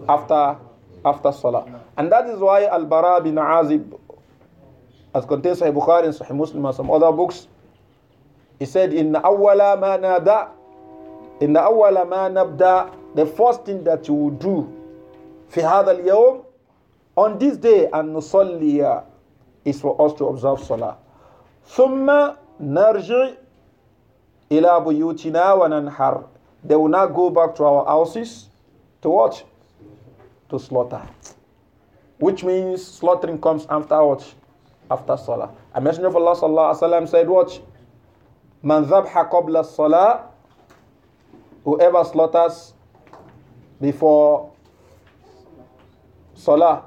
after after salah and that is why al-bara bin azib as contained sahih bukhari and sahih muslim and some other books he said in awwala ma nada in the awwala ma nabda the first thing that you will do fi hadha al on this day and nusalli uh, is for us to observe salah thumma narji ila buyutina wa nanhar they will not go back to our houses to watch to slaughter which means slaughtering comes after what after salah a messenger of allah sallallahu alaihi wasallam said watch man dhabha qabla salah whoever slaughters before salah,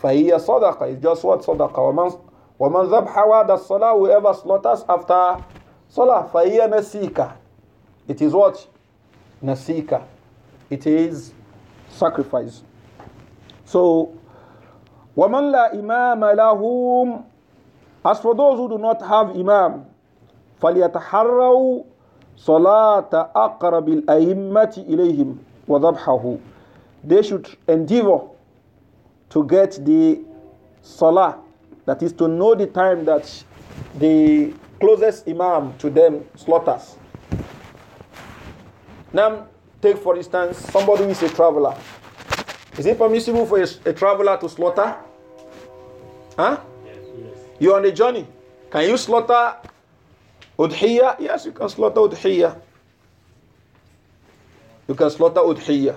فَهِيَ صَدَقَ It's just what صَدَقَ وَمَنْ, ومن ذَبْحَ that Salah. Whoever slaughters after salah, فَهِيَ Nasika, It is what? Nasika. It is sacrifice. So, وَمَنْ la إِمَامَ لَهُمْ As for those who do not have imam, فَلْيَتَحَرَّوْا salata aqrabil a'immati ilayhim wa dhabhahu. They should endeavor to get the salah, that is to know the time that the closest imam to them slaughters. Now, take for instance somebody who is a traveler. Is it permissible for a, a traveler to slaughter? Huh? Yes, yes. You're on a journey. Can you slaughter Udhiyah, yes, you can slaughter udhiya. You can slaughter udhiya,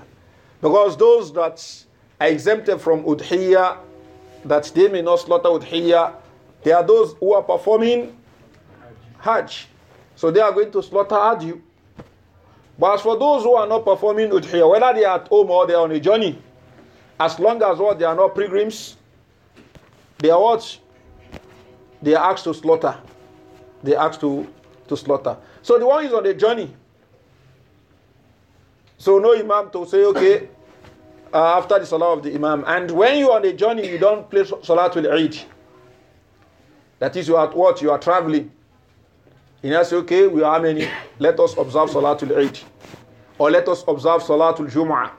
Because those that are exempted from udhiya, that they may not slaughter udhiya, they are those who are performing hajj. So they are going to slaughter adhu. But as for those who are not performing udhiya, whether they are at home or they are on a journey, as long as what they are not pilgrims, they are what? They are asked to slaughter. They ask to, to slaughter. So the one is on the journey. So no imam to say, okay, uh, after the salah of the imam. And when you're on a journey, you don't play salatul Eid. That is, you are at what? You are traveling. You know, say, okay, we are many. Let us observe salatul Eid. Or let us observe salatul Jum'ah.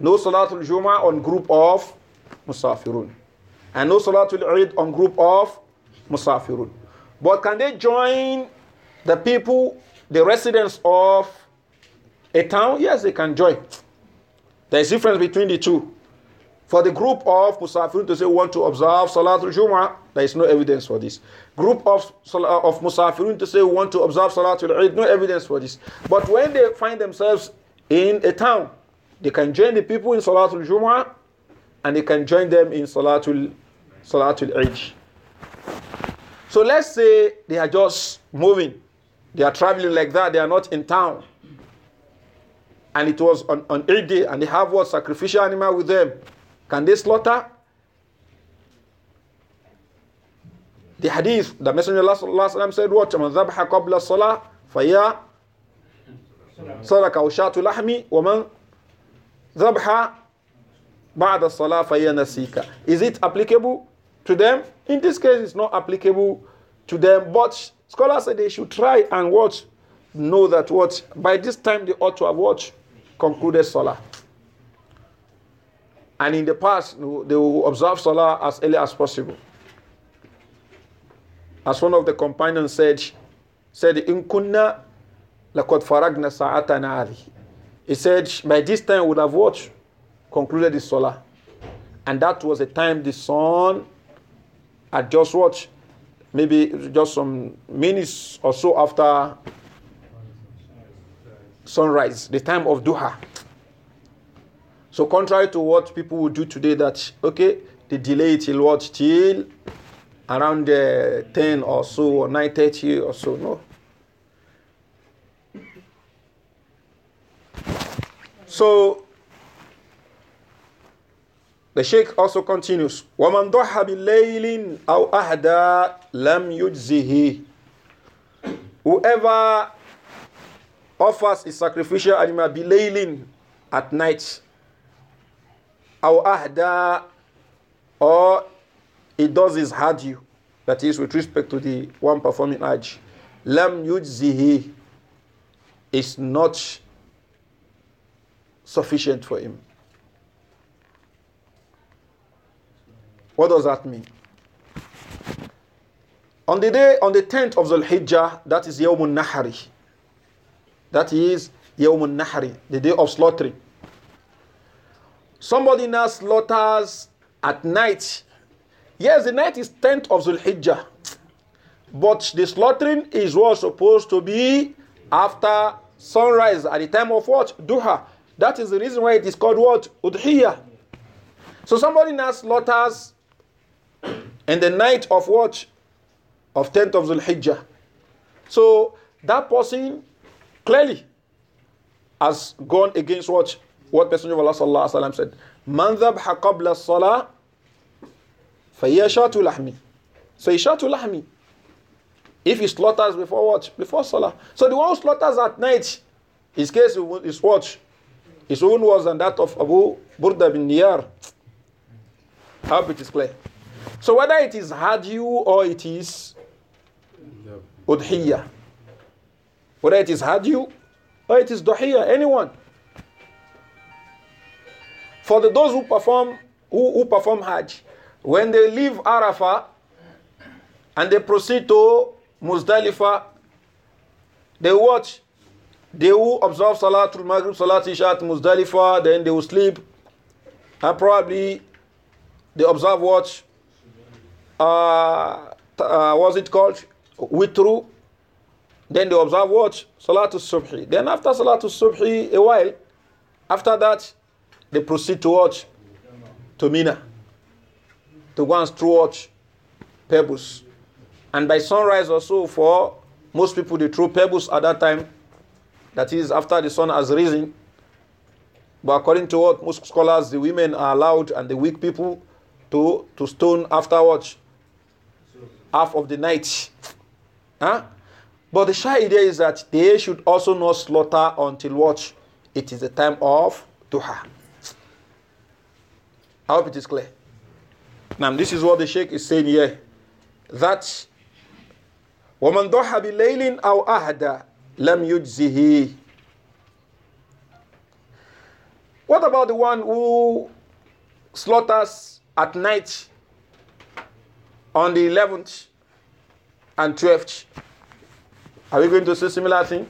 No salatul Jum'ah on group of musafirun. And no salatul Eid on group of musafirun. But can they join the people, the residents of a town? Yes, they can join. There is difference between the two. For the group of Musafirun to say want to observe Salatul Jum'ah, there is no evidence for this. Group of, of Musafirun to say want to observe Salatul Eid, no evidence for this. But when they find themselves in a town, they can join the people in Salatul Jum'ah and they can join them in Salatul, Salatul Eid. So let's say they are just moving, they are traveling like that, they are not in town. And it was on, on eight day, and they have what sacrificial animal with them. Can they slaughter? The hadith, the Messenger of Allah said, What? Man dhabha qabla salah, faya صدق أو lahmi woman ومن ذبح بعد الصلاة فهي نسيكة. Is it applicable? to them. In this case, it's not applicable to them, but scholars say they should try and watch, know that what by this time they ought to have watched, concluded Salah. And in the past, they will observe Salah as early as possible. As one of the companions said, said, In kunna lakot faragna sa'atana ali. He said, by this time would have watched, concluded the solar, And that was the time the sun I just watched Maybe just some minutes or so after sunrise, the time of duha. So contrary to what people would do today, that okay, they delay till what till around uh, 10 or so or 9:30 or so. No. So the Sheikh also continues, وَمَنْ ضَحَّ بِاللَّيْلٍ أَوْ أَهْدَى لَمْ يُجْزِهِ Whoever offers a sacrificial animal belaylin at night, أو أهدى or it does his hadyu, that is with respect to the one performing hajj, لَمْ يُجْزِهِ is not sufficient for him. What does that mean? On the day, on the 10th of Zulhijjah, Hijjah, that is Yawmun Nahari. That is Yawmun Nahari, the day of slaughtering. Somebody now slaughters at night. Yes, the night is 10th of Zulhijjah, Hijjah. But the slaughtering is what's supposed to be after sunrise at the time of what? Duha. That is the reason why it is called what? Udhiyah. So somebody now slaughters and the night of what? Of 10th of Zulhijjah. So that person clearly has gone against what? What Messenger of Allah sallallahu alaihi wasallam said. Man dhabha qabla salah fayashatu lahmi. So yashatu lahmi. If he slaughters before what? Before salah. So the one who slaughters at night, his case is what? His own was than that of Abu Burda bin Niyar. I hope it is clear. So whether it is hadyu or it is udhiyah, whether it is hadyu or it is duhiyah, anyone. For the, those who perform who, who perform hajj, when they leave Arafah and they proceed to Muzdalifah, they watch. They will observe Salatul Maghrib, Salat Isha Muzdalifah, then they will sleep. And probably they observe what? uh, uh, was it called? Witru. Then they observe what? Salatul Subhi. Then after Salatul Subhi, a while, after that, they proceed to watch to Mina. To go and through watch pebbles. And by sunrise or so, for most people, they throw pebbles at that time. That is after the sun has risen. But according to what most scholars, the women are allowed and the weak people to, to stone afterwards half of the night. Huh? But the shy idea is that they should also not slaughter until what? It is the time of duha. I hope it is clear. Now, this is what the Sheikh is saying here. That duha ضَحَ بِلَيْلٍ أَوْ أَهْدَى lam يُجْزِهِ What about the one who slaughters at night on the 11th and 12th. Are we going to see similar thing?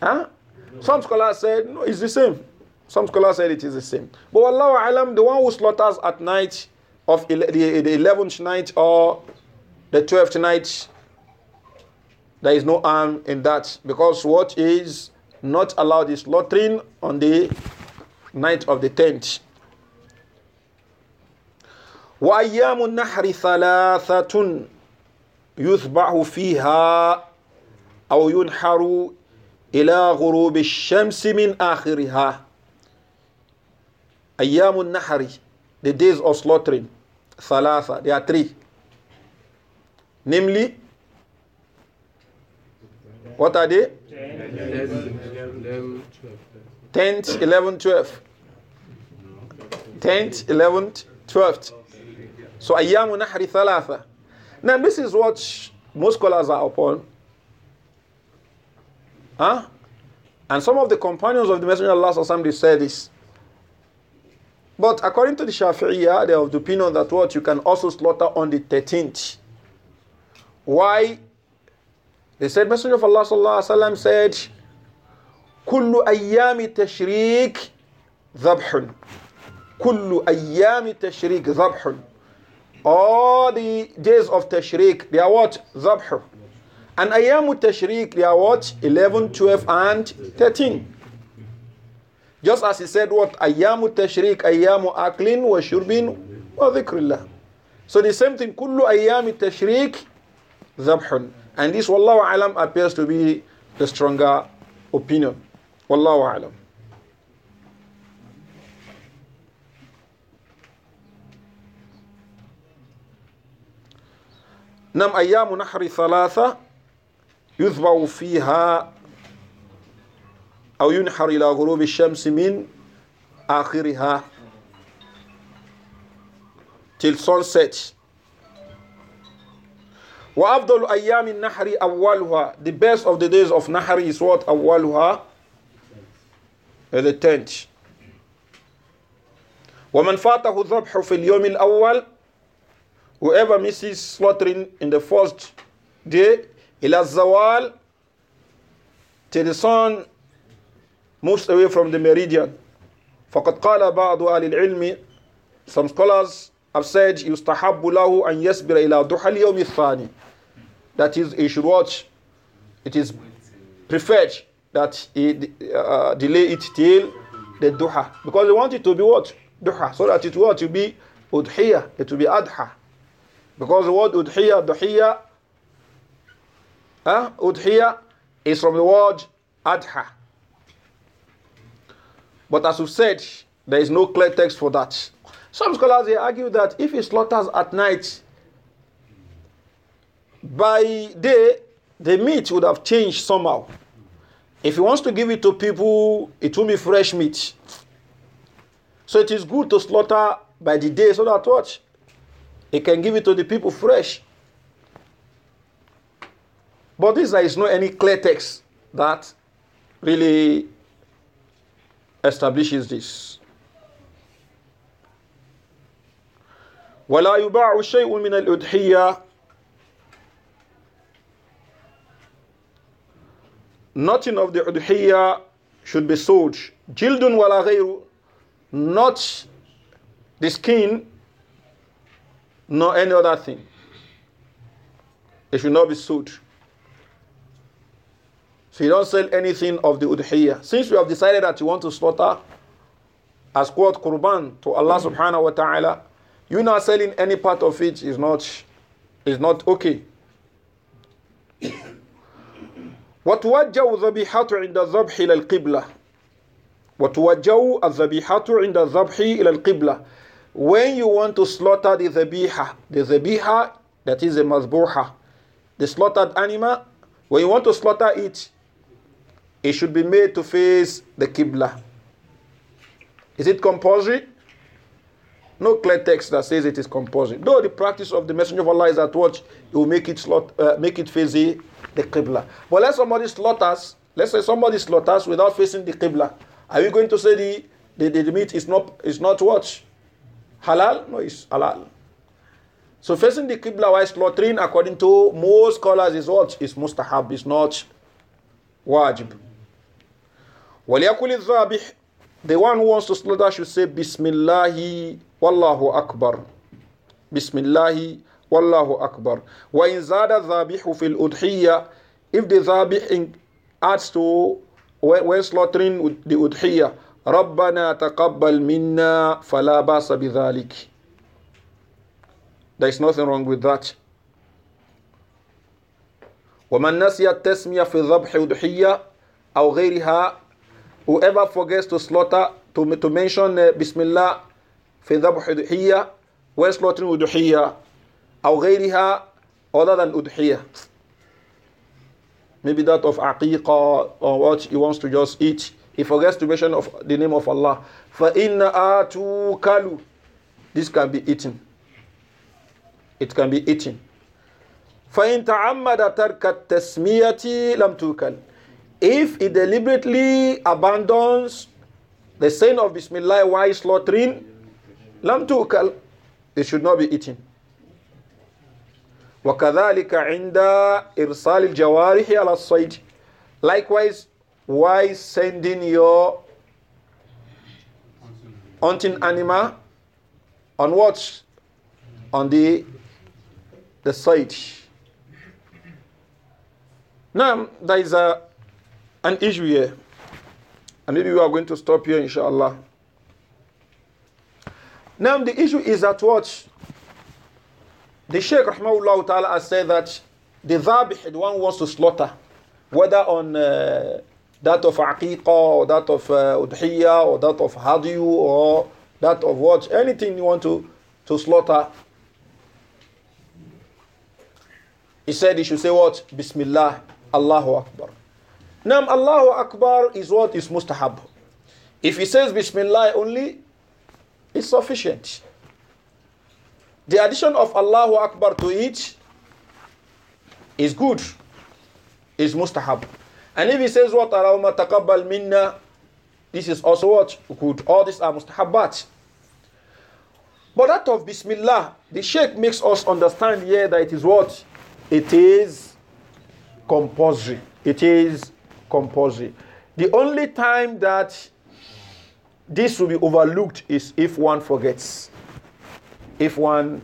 Huh? Some scholars said no, it's the same. Some scholars said it is the same. But Allah the one who slaughters at night of the 11th night or the 12th night, there is no harm in that because what is not allowed is slaughtering on the night of the 10th. وأيام النحر ثلاثة يذبح فيها أو ينحر إلى غروب الشمس من آخرها أيام النحر the days of slaughtering ثلاثة there are three namely what are they 10th 11th 12th 10th 11th 12th So ayyamu nahri thalatha. Now this is what most scholars are upon. Huh? And some of the companions of the Messenger of Allah said this. But according to the Shafi'iyah, they have the opinion that what you can also slaughter on the 13th. Why? They said, Messenger of Allah sallallahu alaihi wasallam said, "Kullu ayyami tashrik dhabhun. Kullu ayyami tashrik dhabhun." All the days of Tashriq, they are what? Zabh. And Ayyamu Tashriq, they are what? 11, 12, and 13. Just as he said what? Ayyamu Tashriq, Ayyamu Aklin wa Shurbin wa Dhikrillah. So the same thing, Kullu Ayyami Tashriq, Zabhun. And this, Wallahu Alam, appears to be the stronger opinion. Wallahu Alam. نم أيام نحر ثلاثة يذبح فيها أو ينحر إلى غروب الشمس من آخرها till sunset وأفضل أيام النحر أولها the best of the days of نحر is what أولها the tenth ومن فاته الذبح في اليوم الأول Whoever misses slaughtering in the first day, ila zawal, till the sun moves away from the meridian. فقد قال بعض أهل العلم some scholars have said يستحب له أن يصبر إلى ضحى اليوم الثاني that is he should watch it is preferred that he uh, uh, delay it till the duha because they want it to be what duha so that it will to be udhiya it will be adha because the word udhiyah, duhiya, huh? udhiyah, is from the word adha. But as we said, there is no clear text for that. Some scholars they argue that if he slaughters at night, by day the meat would have changed somehow. If he wants to give it to people, it will be fresh meat. So it is good to slaughter by the day so that what? He can give it to the people fresh. But this there is no any clear text that really establishes this. ولا يباع شيء من الأضحية Nothing of the udhiyah should be sold. Jildun wala ghayru, not the skin nor any other thing. It should not be sold. So you don't sell anything of the udhiyah. Since you have decided that you want to slaughter as quote qurban to Allah subhanahu wa ta'ala, you not selling any part of it is not is not okay. وتوجه الذبيحة عند الذبح إلى القبلة وتوجه الذبيحة عند الذبح إلى القبلة when you want to slaughter the zabiha, the zabiha that is a mazbuha, the slaughtered animal, when you want to slaughter it, it should be made to face the Qibla. Is it compulsory? No clear text that says it is compulsory. Though the practice of the Messenger of Allah is that what it will make it slot, uh, make it face the, Qibla. But let somebody slaughters, let's say somebody slaughters without facing the Qibla. Are you going to say the, the, the meat is not is not what? Halal? No, it's halal. So facing the Qibla while slaughtering, according to most scholars, is what? Is mustahab, is not wajib. وَلْيَقُلِ الذَّابِحِ The one who wants to slaughter should say, Bismillahi wallahu akbar. Bismillahi wallahu akbar. وَإِنْ زَادَ الذَّابِحُ فِي الْأُضْحِيَّةِ If the zabih adds to when slaughtering the udhiyah, ربنا تقبل منا فلا بأس بذلك There is nothing wrong with that. ومن نسي التسمية في ذبح ودحية أو غيرها whoever forgets to slaughter to, to mention uh, بسم الله في ذبح ودحية when slaughtering ودحية أو غيرها other than ودحية maybe that of عقيقة or what he wants to just eat He forgets to mention of the name of Allah. فَإِنَّ kalu, This can be eaten. It can be eaten. فَإِنْ تَعَمَّدَ تَرْكَ التَّسْمِيَةِ لَمْ تُوكَلْ If he deliberately abandons the saying of Bismillah while slaughtering, لَمْ تُوكَلْ It should not be eaten. وكذلك عند إرسال الجوارح على الصيد likewise why sending your hunting animal on what? On the the site. Now there is a an issue here. And maybe we are going to stop here, inshallah. Now the issue is that what the Sheikh Rahmahullah Ta'ala has said that the Zabih, the one who wants to slaughter, whether on uh, that of aqiqah or that of uh, udhiyah or that of hadiyu or that of what, anything you want to, to slaughter. He said he should say what? Bismillah, Allahu Akbar. Nam Allahu Akbar is what is mustahab. If he says Bismillah only, it's sufficient. The addition of Allahu Akbar to it is good, is mustahab. And if he says what Allahumma taqabbal minna, this is also what good. All these are mustahabbat. But that of Bismillah, the Sheikh makes us understand here that it is what? It is compulsory. It is compulsory. The only time that this will be overlooked is if one forgets. If one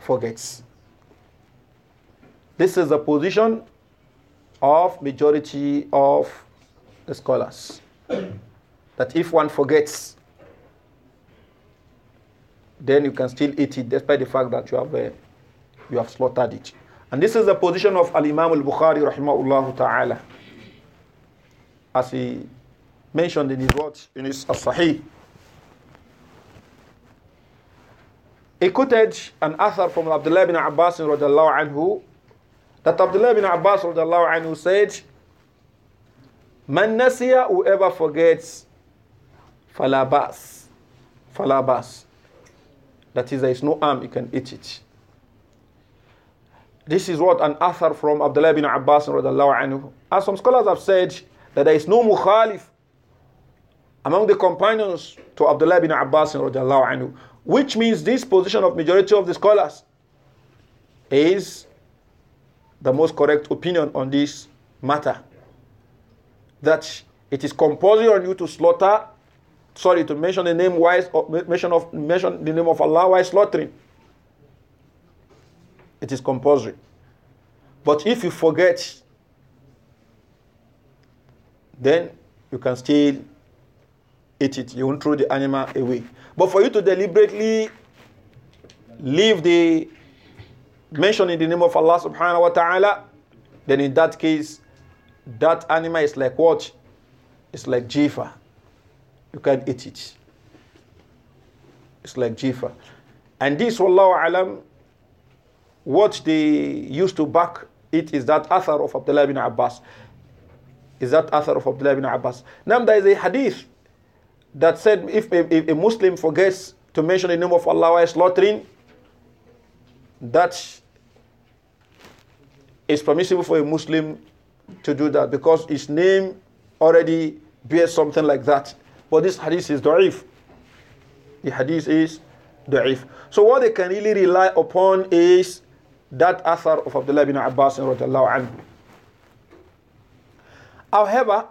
forgets. This is the position of majority of the scholars. that if one forgets, then you can still eat it despite the fact that you have, uh, you have slaughtered it. And this is the position of Al-Imam al-Bukhari rahimahullah ta'ala. As he mentioned in his words, in his As-Sahih. He quoted an author from Abdullah ibn Abbas radiallahu anhu that Abdullah bin Abbas anhu said, Man nasiya, whoever forgets, falabas. Falabas. That is, there is no harm, you can eat it. This is what an author from Abdullah bin Abbas anhu. As some scholars have said, that there is no mukhalif among the companions to Abdullah bin Abbas anhu, which means this position of majority of the scholars is the most correct opinion on this matter. That it is compulsory on you to slaughter, sorry, to mention the name wise, mention of mention the name of Allah while slaughtering. It is compulsory. But if you forget, then you can still eat it. You won't throw the animal away. But for you to deliberately leave the mentioning the name of Allah subhanahu wa ta'ala, then in that case, that animal is like what? It's like jifa. You can't eat it. It's like jifa. And this, wallahu alam, what they used to back it is that author of Abdullah ibn Abbas. Is that author of Abdullah ibn Abbas. Now there is a hadith that said if a, if a Muslim forgets to mention the name of Allah while slaughtering, that it's permissible for a Muslim to do that because his name already bears something like that. But this hadith is da'if. The hadith is da'if. So what they can really rely upon is that author of Abdullah bin Abbas anhu. However,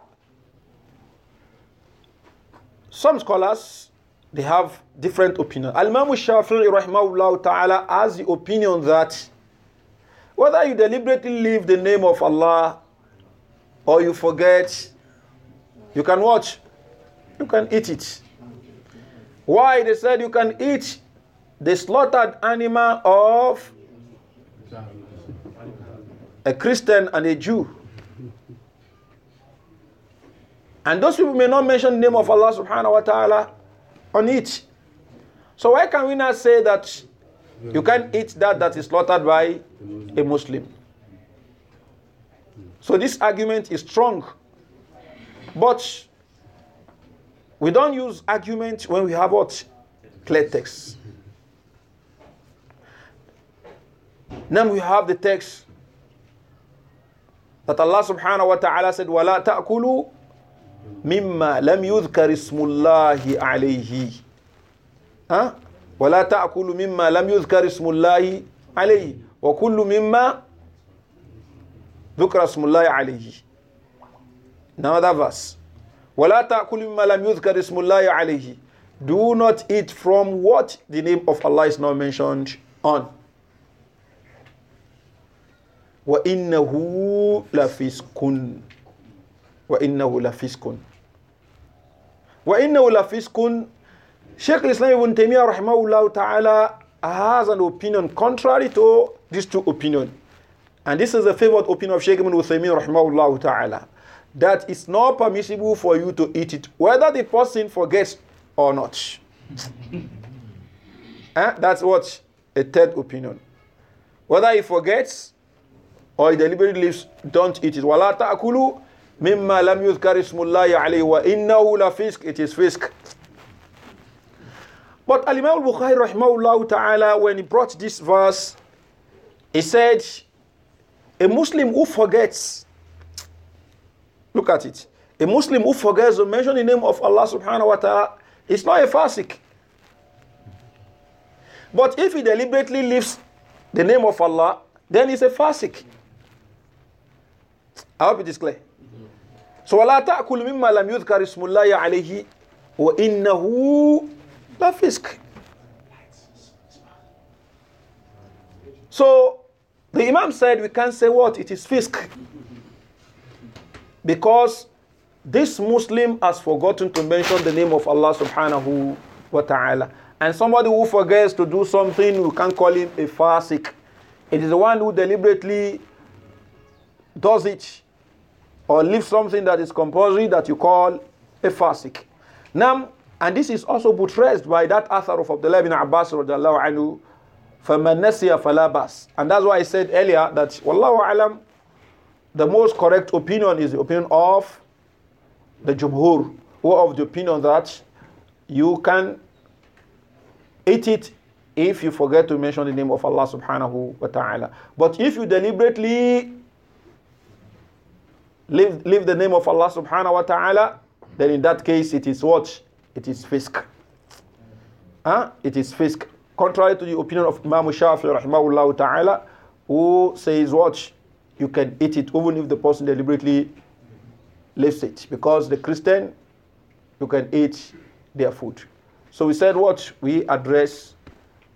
some scholars they have different opinion. Al-Imam Shafi'i rahimahullah ta'ala has the opinion that whether you deliberately leave the name of Allah or you forget, you can watch. You can eat it. Why? They said you can eat the slaughtered animal of a Christian and a Jew. And those people may not mention the name of Allah subhanahu wa ta'ala on it. So why can we not say that you can't eat that that is slaughtered by a Muslim. So this argument is strong. But we don't use argument when we have what? Clear text. Then we have the text that Allah subhanahu wa ta'ala said, وَلَا تَأْكُلُوا مِمَّا لَمْ يُذْكَرِ اسْمُ اللَّهِ عَلَيْهِ huh? ولا تأكل مما لم يذكر اسم الله عليه وكل مما ذكر اسم الله عليه. now that verse تأكل مما لم يذكر اسم الله عليه. do not eat from what the name of Allah is not mentioned on وَإِنَّهُ innahu وَإِنَّهُ wa وَإِنَّهُ lafiskun Sheikh Islam ibn Taymiyyah rahimahullah ta'ala has an opinion contrary to these two opinions. And this is the favored opinion of Sheikh ibn Uthaymeen rahimahullah ta'ala that it's not permissible for you to eat it, whether the person forgets or not. eh? That's what a third opinion. Whether he forgets or he deliberately leaves, don't eat it. وَلَا تَأْكُلُوا مِمَّا لَمْ يُذْكَرِ اسْمُ اللَّهِ عَلَيْهِ وَإِنَّهُ لَفِسْكٌ It is fisk. But Al Imam Bukhari, rahimahullah ta'ala, when he brought this verse, he said, A Muslim who forgets, look at it, a Muslim who forgets to mention the name of Allah subhanahu wa ta'ala is not a fasik. But if he deliberately leaves the name of Allah, then he's a fasik. I hope it is clear. So, وَلَا تَأْكُلْ مِمَّا لَمْ يُذْكَرِ اسْمُ اللَّهِ عَلَيْهِ وَإِنَّهُ La fisk. So the Imam said we can't say what? It is fisk. Because this Muslim has forgotten to mention the name of Allah subhanahu wa ta'ala. And somebody who forgets to do something, we can call him a fasik. It is the one who deliberately does it or leaves something that is compulsory that you call a fasik. Now, and this is also buttressed by that author of Abdullah ibn Abbas radiallahu anhu, فَمَنْ نَسِيَ فَلَا And that's why I said earlier that, Wallahu alam, the most correct opinion is the opinion of the Jumhur, who of the opinion that you can eat it if you forget to mention the name of Allah subhanahu wa ta'ala. But if you deliberately leave, leave the name of Allah subhanahu wa ta'ala, then in that case it is what? it is fisk. Huh? It is fisk. Contrary to the opinion of Imam Shafi rahimahullah ta'ala, who says, watch, you can eat it even if the person deliberately leaves it. Because the Christian, you can eat their food. So we said "Watch, we address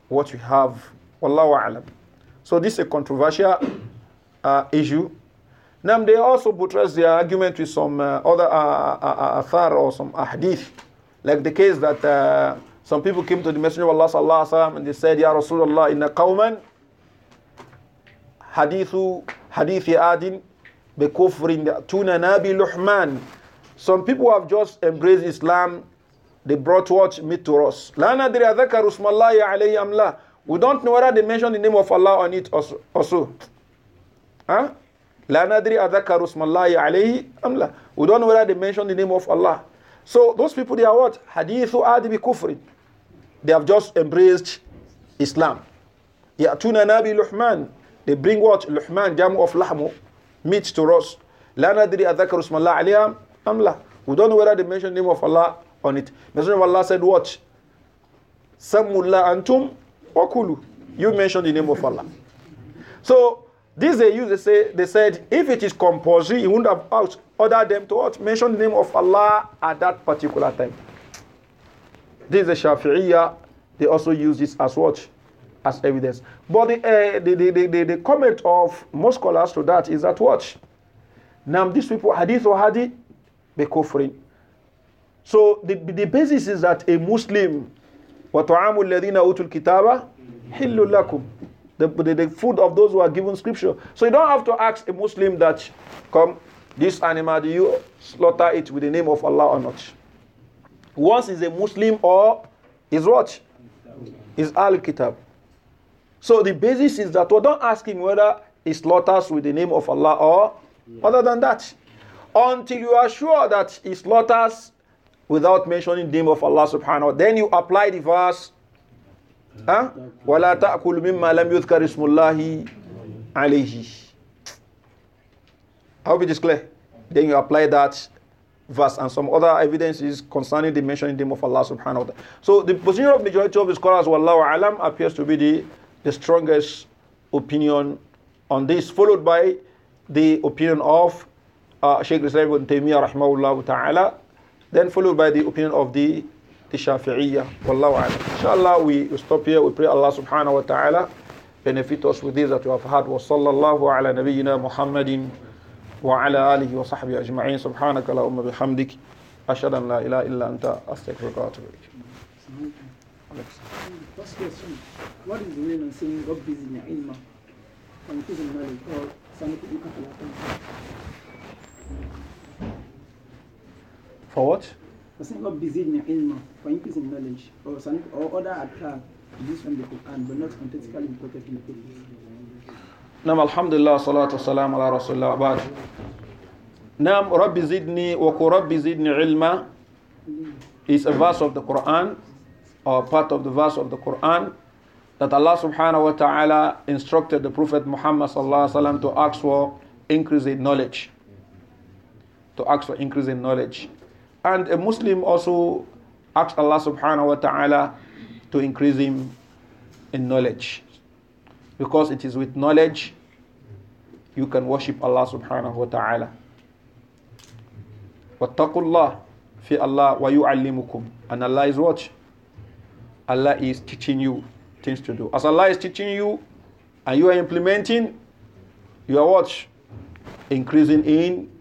what we have. Wallahu alam. So this is a controversial uh, issue. Now they also buttress their argument with some uh, other uh, uh, uh, uh or some ahadith like the case that uh, some people came to the Messenger of Allah sallallahu alaihi wasallam and they said, Ya Rasulullah, inna qawman hadithu hadithi adin bikufrin tuna nabi luhman. Some people have just embraced Islam. They brought what? Meat to us. La nadri adhakaru smallahi amla. We don't know whether they mention the name of Allah on it also. We don't know whether they mention the name of Allah. So those people, they are what? Hadithu adi bi kufri. They have just embraced Islam. Ya'tuna nabi luhman. They bring what? Luhman, jamu of lahmu, meat to roast. La nadri adhakaru smallah aliyam amla. We don't know whether they mention the name of Allah on it. Messenger of Allah said what? Samullah antum wakulu. You mention the name of Allah. So This they use, they, say, they said, if it is compulsory, he wouldn't have asked, ordered them to what? Mention the name of Allah at that particular time. This is the Shafi'iyah. They also use this as what? As evidence. But the, uh, the, the, the, the, comment of most scholars to that is that what? Now, these people, hadith or hadith, be kufrin. So the, the basis is that a Muslim, وَطَعَامُ الَّذِينَ أُوتُوا الْكِتَابَ حِلُّ لَكُمْ the, the, the food of those who are given scripture. So you don't have to ask a Muslim that, come, this animal, do you slaughter it with the name of Allah or not? Once is a Muslim or is what? Is Al Kitab. So the basis is that we don't ask him whether he slaughters with the name of Allah or yeah. other than that. Until you are sure that he slaughters without mentioning the name of Allah subhanahu wa ta'ala, then you apply the verse Huh? ولا تأكل مما لم يذكر اسم الله عليه I hope it is clear. Then you apply that verse and some other evidences concerning the mentioning name of Allah subhanahu wa ta'ala. So the position of majority of the scholars, Wallahu alam, appears to be the, the strongest opinion on this, followed by the opinion of uh, Sheikh Islam ibn Taymiyyah rahmahullah ta'ala, then followed by the opinion of the the Shafi'iyah. Wallahu alam. Inshallah, we, stop here. We pray Allah subhanahu wa ta'ala benefit us with this that we have had. Wa sallallahu ala nabiyyina Muhammadin wa ala alihi wa sahbihi ajma'in. Subhanaka la umma bihamdik. Ashhadu la ilaha illa anta astaghfiruka wa atubu ilayk. First question, what is the meaning of saying رَبِّ زِنْ عِلْمًا and it isn't knowledge or something you can For what? person got busy in ilm for increasing knowledge or, some, or other attack this from the Quran but not authentically reported in the Quran. Nam alhamdulillah salatu salam ala rasulullah abad. Nam rabbi zidni wa rabbi zidni ilma is a verse of the Quran or part of the verse of the Quran that Allah subhanahu wa ta'ala instructed the Prophet Muhammad sallallahu alaihi wasallam to ask for increasing knowledge. To ask for increasing knowledge. And a Muslim also asks Allah subhanahu wa ta'ala to increase him in knowledge. Because it is with knowledge you can worship Allah subhanahu wa ta'ala. وَاتَّقُوا اللَّهِ فِي اللَّهِ وَيُعَلِّمُكُمْ And Allah is what? Allah is teaching you things to do. As Allah is teaching you and you are implementing, you are what? Increasing in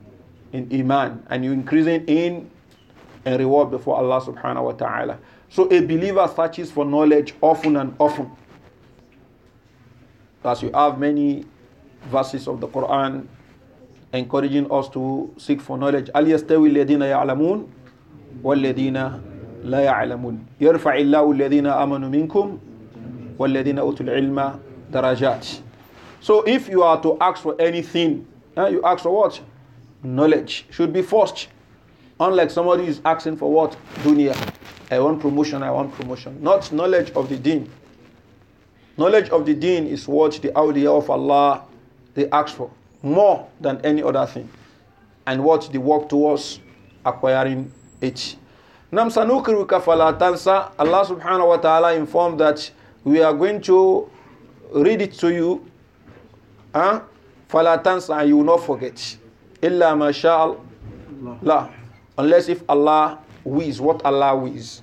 in iman and you increasing in and reward before Allah subhanahu wa ta'ala. So a believer searches for knowledge often and often. As you have many verses of the Quran encouraging us to seek for knowledge. أَلْ yalamun, الَّذِينَ يَعْلَمُونَ وَالَّذِينَ لا يعلمون يرفع الله الذين آمنوا منكم والذين أوتوا So if you are to ask for anything, eh, you ask for what? Knowledge should be first. Unlike somebody is asking for what? Dunya. I want promotion, I want promotion. Not knowledge of the deen. Knowledge of the deen is what the awliya of Allah they ask for more than any other thing. And what they work towards acquiring it. Nam sanukriuka falatansa, Allah subhanahu wa ta'ala informed that we are going to read it to you. Huh? Falatansa, and you will not forget. Illa masha'al. La. Unless if Allah wills, what Allah wills.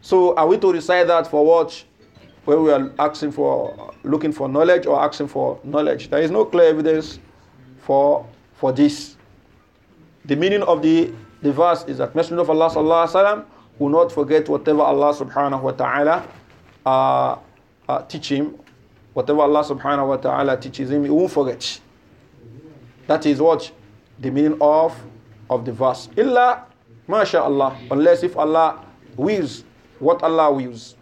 So are we to recite that for what? When we are asking for, looking for knowledge or asking for knowledge. There is no clear evidence for, for this. The meaning of the, the verse is that Messenger of Allah sallallahu alaihi wasallam will not forget whatever Allah subhanahu wa ta'ala uh, uh, teach him. Whatever Allah subhanahu wa ta'ala teaches him, he won't forget. That is what the meaning of of the verse. Illa, masha'Allah, unless if Allah wills what Allah wills.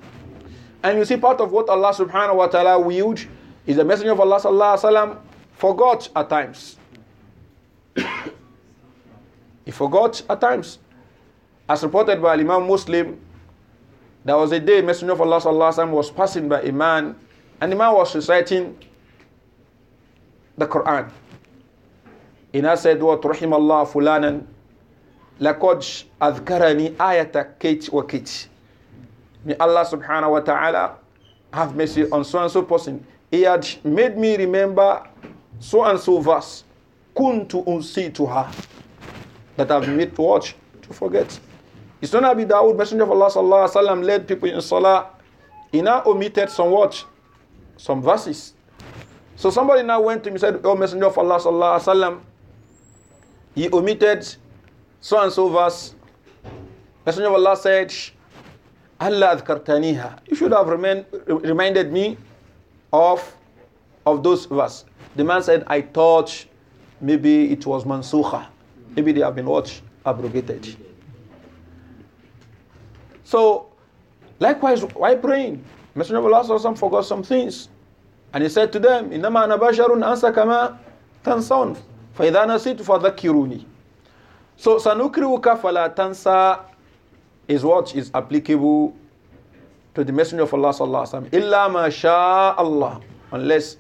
And you see part of what Allah subhanahu wa ta'ala willed is the messenger of Allah sallallahu alaihi wasallam forgot at times. he forgot at times. As reported by Imam Muslim, there was a day messenger of Allah sallallahu alaihi wasallam was passing by a man and the man was reciting the Quran. He now said, What Allah, Fulanan Lakoj Adkarani Ayata Kate wa Kate. May Allah subhanahu wa ta'ala have mercy on so and so person. He had made me remember so and so verse. Kuntu unsi to her. That I've made to watch to forget. It's not Abi Dawood, Messenger of Allah sallallahu alaihi wasallam led people in salah. He now omitted some watch, Some verses. So somebody now went to him and said, Oh Messenger of Allah sallallahu alaihi wasallam, he omitted so and so verse. Messenger of Allah said, Allah kartaniha. You should have remain, reminded me of, of those verse. The man said, I thought maybe it was mansukha. Maybe they have been watched Abrogated. So, likewise, why praying? Messenger of Allah also forgot some things. And he said to them, Innama anabasharun ansa kama tansawn. فإذا نسيت فذكروني So sanukriuka falatansa tansa is what is applicable to the Messenger of Allah sallallahu alaihi wasallam. Illa ma sha Allah, unless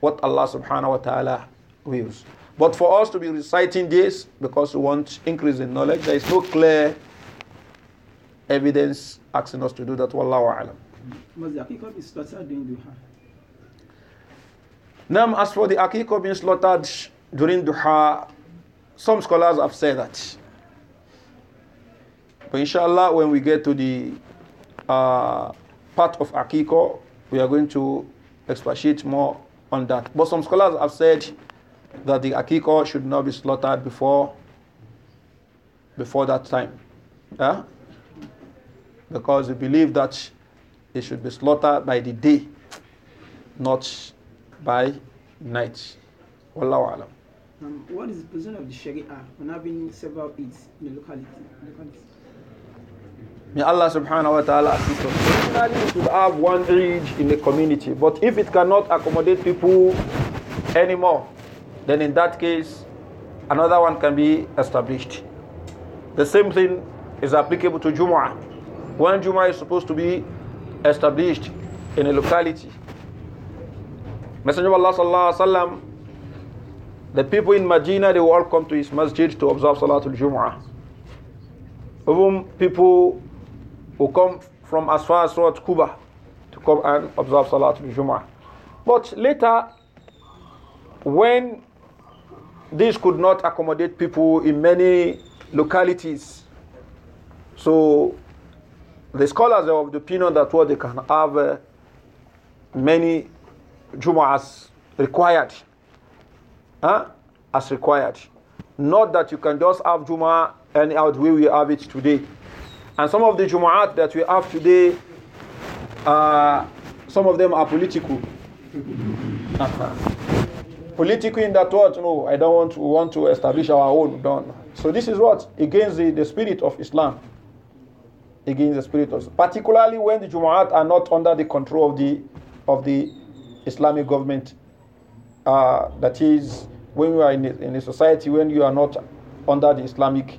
what Allah subhanahu wa taala wills. But for us to be reciting this because we want increase in knowledge, there is no clear evidence asking us to do that. Wallahu alam. Must the Now, as for the akikob being slaughtered during duha. Some scholars have said that. But inshallah, when we get to the uh, part of Akiko, we are going to expatiate more on that. But some scholars have said that the Akiko should not be slaughtered before before that time. Yeah? Because we believe that it should be slaughtered by the day, not by night. Wallahu alam. Um, what is the position of the Sharia on having several Eids in the locality? locality? May Allah subhanahu wa ta'ala assist us. Personally, we should have one Eid in the community, but if it cannot accommodate people anymore, then in that case, another one can be established. The same thing is applicable to Jumu'ah. One Jumu'ah is supposed to be established in a locality. Messenger of Allah sallallahu alaihi wasallam the people in Medina, they will all come to his masjid to observe Salatul Jum'ah. Even people who come from as far as towards Cuba to come and observe Salatul Jum'ah. But later, when this could not accommodate people in many localities, so the scholars are of the opinion that what they can have uh, many Jum'ahs required huh, as required. Not that you can just have Juma and out the way we have it today. And some of the Jumu'at that we have today, uh, some of them are political. political in that word, No, I don't want to want to establish our own. Don't. So this is what? Against the, the spirit of Islam. Against the spirit of particularly when the Jumu'at are not under the control of the of the Islamic government uh, that is when you are in a, in a society when you are not under the Islamic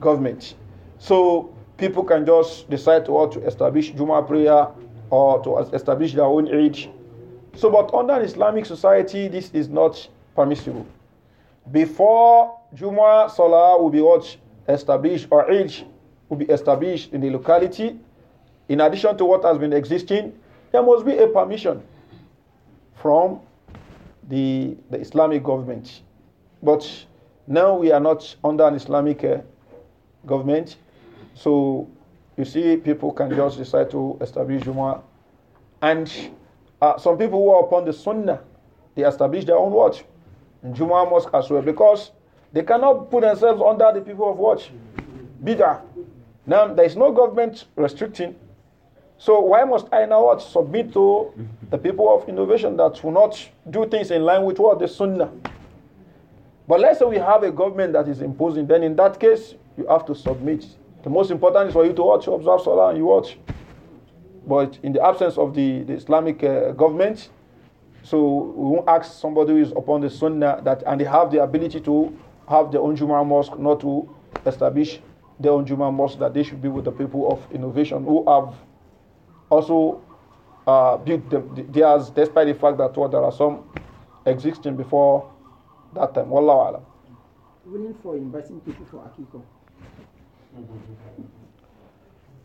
government. So people can just decide to, to establish Juma prayer or to establish their own Eid. So, but under an Islamic society, this is not permissible. Before Juma Salah will be what established or Eid will be established in the locality, in addition to what has been existing, there must be a permission from the, the Islamic government. But now we are not under an Islamic uh, government. So you see, people can just decide to establish Juma, And uh, some people who are upon the Sunnah, they establish their own watch, Juma mosque as well, because they cannot put themselves under the people of watch, Bid'ah. Now, there is no government restricting so why must I now submit to the people of innovation that will not do things in line with what the sunnah? But let's say we have a government that is imposing, then in that case, you have to submit. The most important is for you to watch, observe Salah, and you watch. But in the absence of the, the Islamic uh, government, so we won't ask somebody who is upon the sunnah that, and they have the ability to have their own Juma mosque, not to establish their own Juma mosque, that they should be with the people of innovation who have also uh, built them. theirs, despite the fact that well, there are some existing before that time. Wallahu alam. Willing for inviting people for Akiko.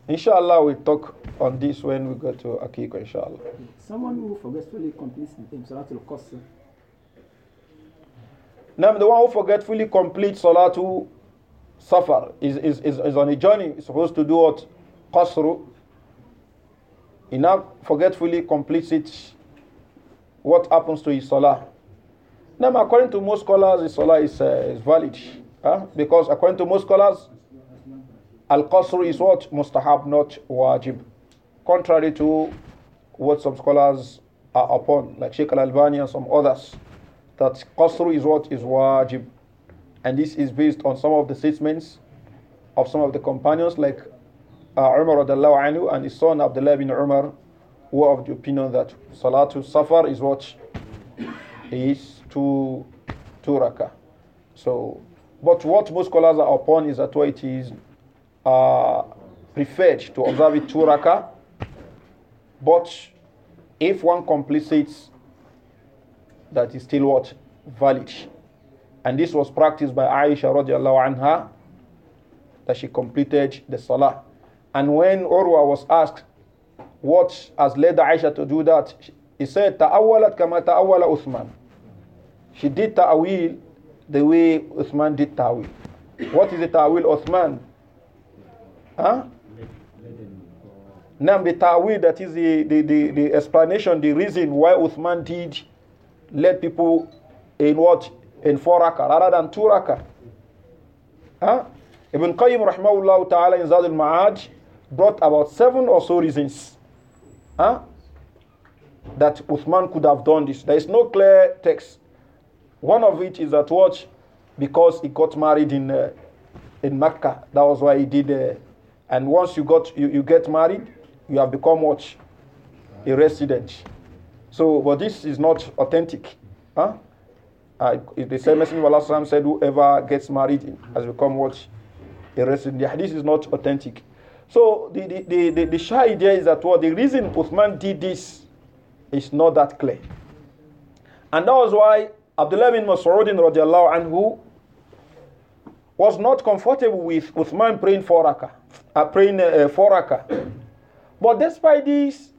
Inshallah, we talk on this when we go to Akiko, inshallah. Someone who forgetfully completes the Salatul Qasr. Now, the one who forgetfully completes Salatul Safar is, is, is, is on a journey, is supposed to do what? Qasru he now forgetfully completes it. What happens to his salah? Now, according to most scholars, his is, uh, is valid. Huh? Because according to most scholars, Al-Qasr is what? Mustahab, not wajib. Contrary to what some scholars are upon, like Sheikh Al-Albani and some others, that Qasr is what? Is wajib. And this is based on some of the statements of some of the companions, like uh, Umar anhu and his son Abdullah bin Umar were of the opinion that Salatul Safar is what to two, two raka. So, but what most scholars are upon is that why it is uh, preferred to observe it two raka, But if one completes it, that is still what? Valid. And this was practiced by Aisha radiallahu anha that she completed the salah and when Urwa was asked, what has led Aisha to do that? He said, Ta'awalat kama ta'awala Uthman. She did ta'awil the way Uthman did ta'awil. What is the ta'awil Uthman? Huh? Now the ta'awil, that is the, the, the, the, explanation, the reason why Uthman did let people in what? In four raka rather than two raka. Huh? Ibn Qayyim rahmahullah ta'ala in Zadul al-Ma'aj brought about seven or so reasons huh, that Uthman could have done this. There is no clear text. One of which is that watch because he got married in uh, in Mecca. That was why he did. Uh, and once you got you, you get married, you have become watch a resident. So, but this is not authentic. Huh? Uh, the same Messenger of Allah said, whoever gets married has become watch a resident. The hadith is not authentic. So the, the, the, the, the shy idea is that well, the reason Uthman did this is not that clear. And that was why Abdullah bin and anhu was not comfortable with Uthman praying for Raqqa, uh, praying uh, for Raqqa, But despite this,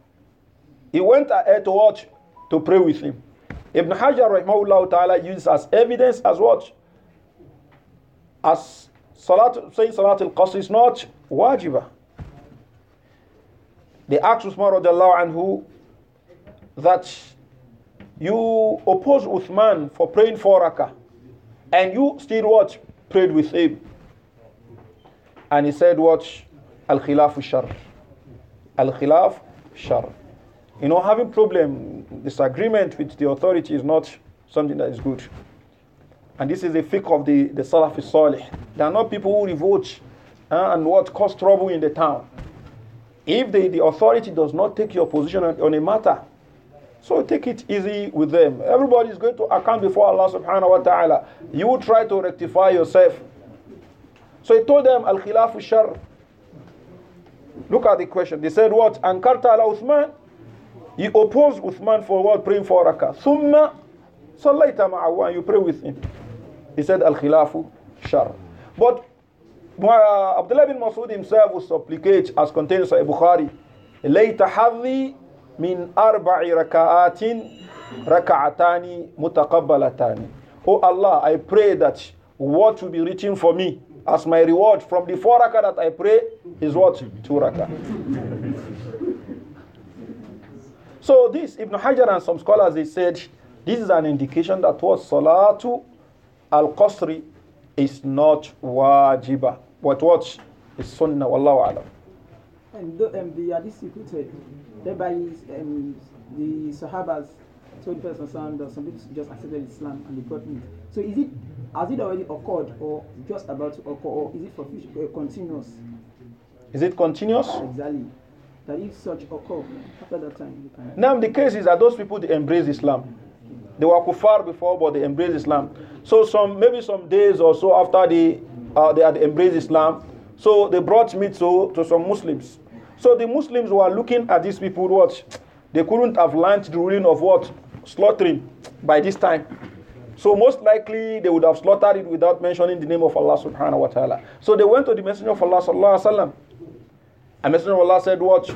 he went ahead to watch to pray with him. Ibn Hajar rahimahullah ta'ala uses as evidence as what? As salat, saying Salat al-Qasr is not wajiba. They asked Uthman anhu that you opposed Uthman for praying for rakah and you still what? Prayed with him. And he said what? Al-Khilaf shar. Al-Khilaf shar. You know, having problem, disagreement with the authority is not something that is good. And this is the fiqh of the, the Salafi Salih. There are not people who revolt uh, and what cause trouble in the town. If the, the authority does not take your position on, on a matter, so take it easy with them. Everybody is going to account before Allah subhanahu wa ta'ala. You will try to rectify yourself. So he told them, Al Khilafu Shar. Look at the question. They said, What? Ankarta ala Uthman. He opposed Uthman for what? Praying for Raqqa. Thumma sallaita ma'awa. You pray with him. He said, Al Khilafu Shar. But uh, Abdullah bin Masud himself would supplicate, as contained in Sahih Bukhari, لَيْتَ حَظِّي min أَرْبَعِ رَكَعَاتٍ رَكَعَتَانِ Oh Allah, I pray that what will be written for me as my reward from the four rakah that I pray is what? Two rakah. so this, Ibn Hajar and some scholars, they said, this is an indication that what Salatu al-Qasri is not wajibah. But what is sunnah, wallahu alam. And, the, and um, the hadith repeated, thereby um, the Sahabas told the person that some people just accepted Islam and they got it. So is it, has it already occurred or just about to occur or is it for future, uh, continuous? Is it continuous? Exactly. That if such occur after that time. Now the case is that those people they embrace Islam. They were kuffar before, but they embrace Islam. So some maybe some days or so after the uh, they had embraced Islam. So they brought meat to, to some Muslims. So the Muslims were looking at these people, what? They couldn't have learned the ruling of what? Slaughtering by this time. So most likely they would have slaughtered it without mentioning the name of Allah subhanahu wa ta'ala. So they went to the Messenger of Allah sallallahu alaihi wasallam. And Messenger of Allah said, What?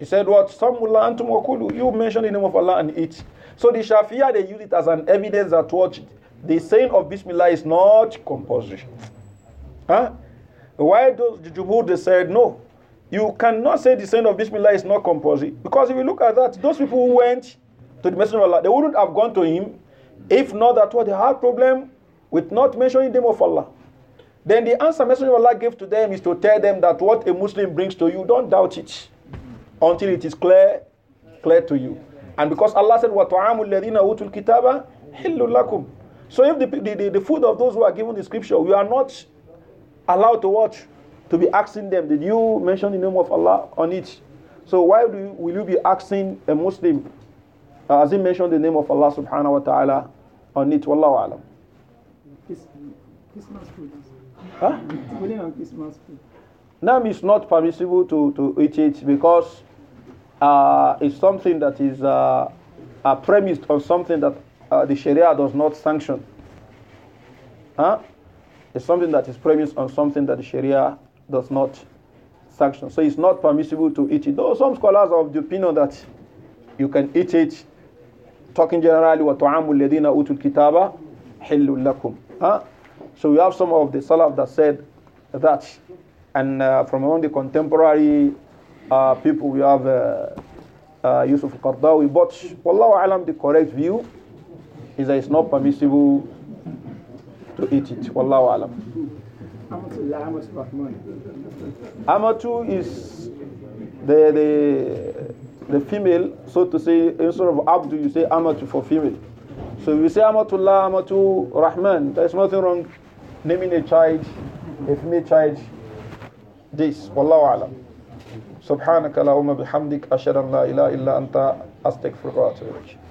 He said, What? Samullah antum wakulu. You mention the name of Allah and eat. So the Shafi'ah, they use it as an evidence that what the saying of Bismillah is not compulsory. Huh? Why does the they said no? You cannot say the saying of Bismillah is not compulsory. Because if you look at that, those people who went to the Messenger of Allah, they wouldn't have gone to him if not that what they had problem with not mentioning the name of Allah. Then the answer Messenger of Allah gave to them is to tell them that what a Muslim brings to you, don't doubt it until it is clear, clear to you. And because Allah said, وَطَعَامُ الَّذِينَ أُوتُوا الْكِتَابَ حِلُّ لَكُمْ so if the, the, the, food of those who are given the scripture, we are not allowed to watch, to be asking them, did you mention the name of Allah on it? So why do you, will you be asking a Muslim, uh, as he mentioned the name of Allah subhanahu wa ta'ala on it? Wallahu alam. Christmas food. Huh? Christmas food. Nam is not permissible to, to eat it because uh, it's something that is uh, uh premised on something that uh, the Sharia does not sanction. Huh? It's something that is premised on something that the Sharia does not sanction. So it's not permissible to eat it. Though some scholars of the opinion that you can eat it, talking generally, وَطَعَامُ الَّذِينَ أُوتُوا الْكِتَابَ huh? So we have some of the Salaf that said that. And uh, from among the contemporary uh, people, we have uh, uh Yusuf al-Qardawi. But, Wallahu Alam, the correct view is that it's not permissible to eat it. Wallahu alam. Amatu is the, the the female, so to say, instead of Abdu, you say Amatu for female. So if you say Amatullah, Amatu Rahman, there's nothing wrong naming a child, a female child, this. Wallahu alam. Subhanaka اللهم bihamdik أشهد أن لا إله إلا أنت أستغفرك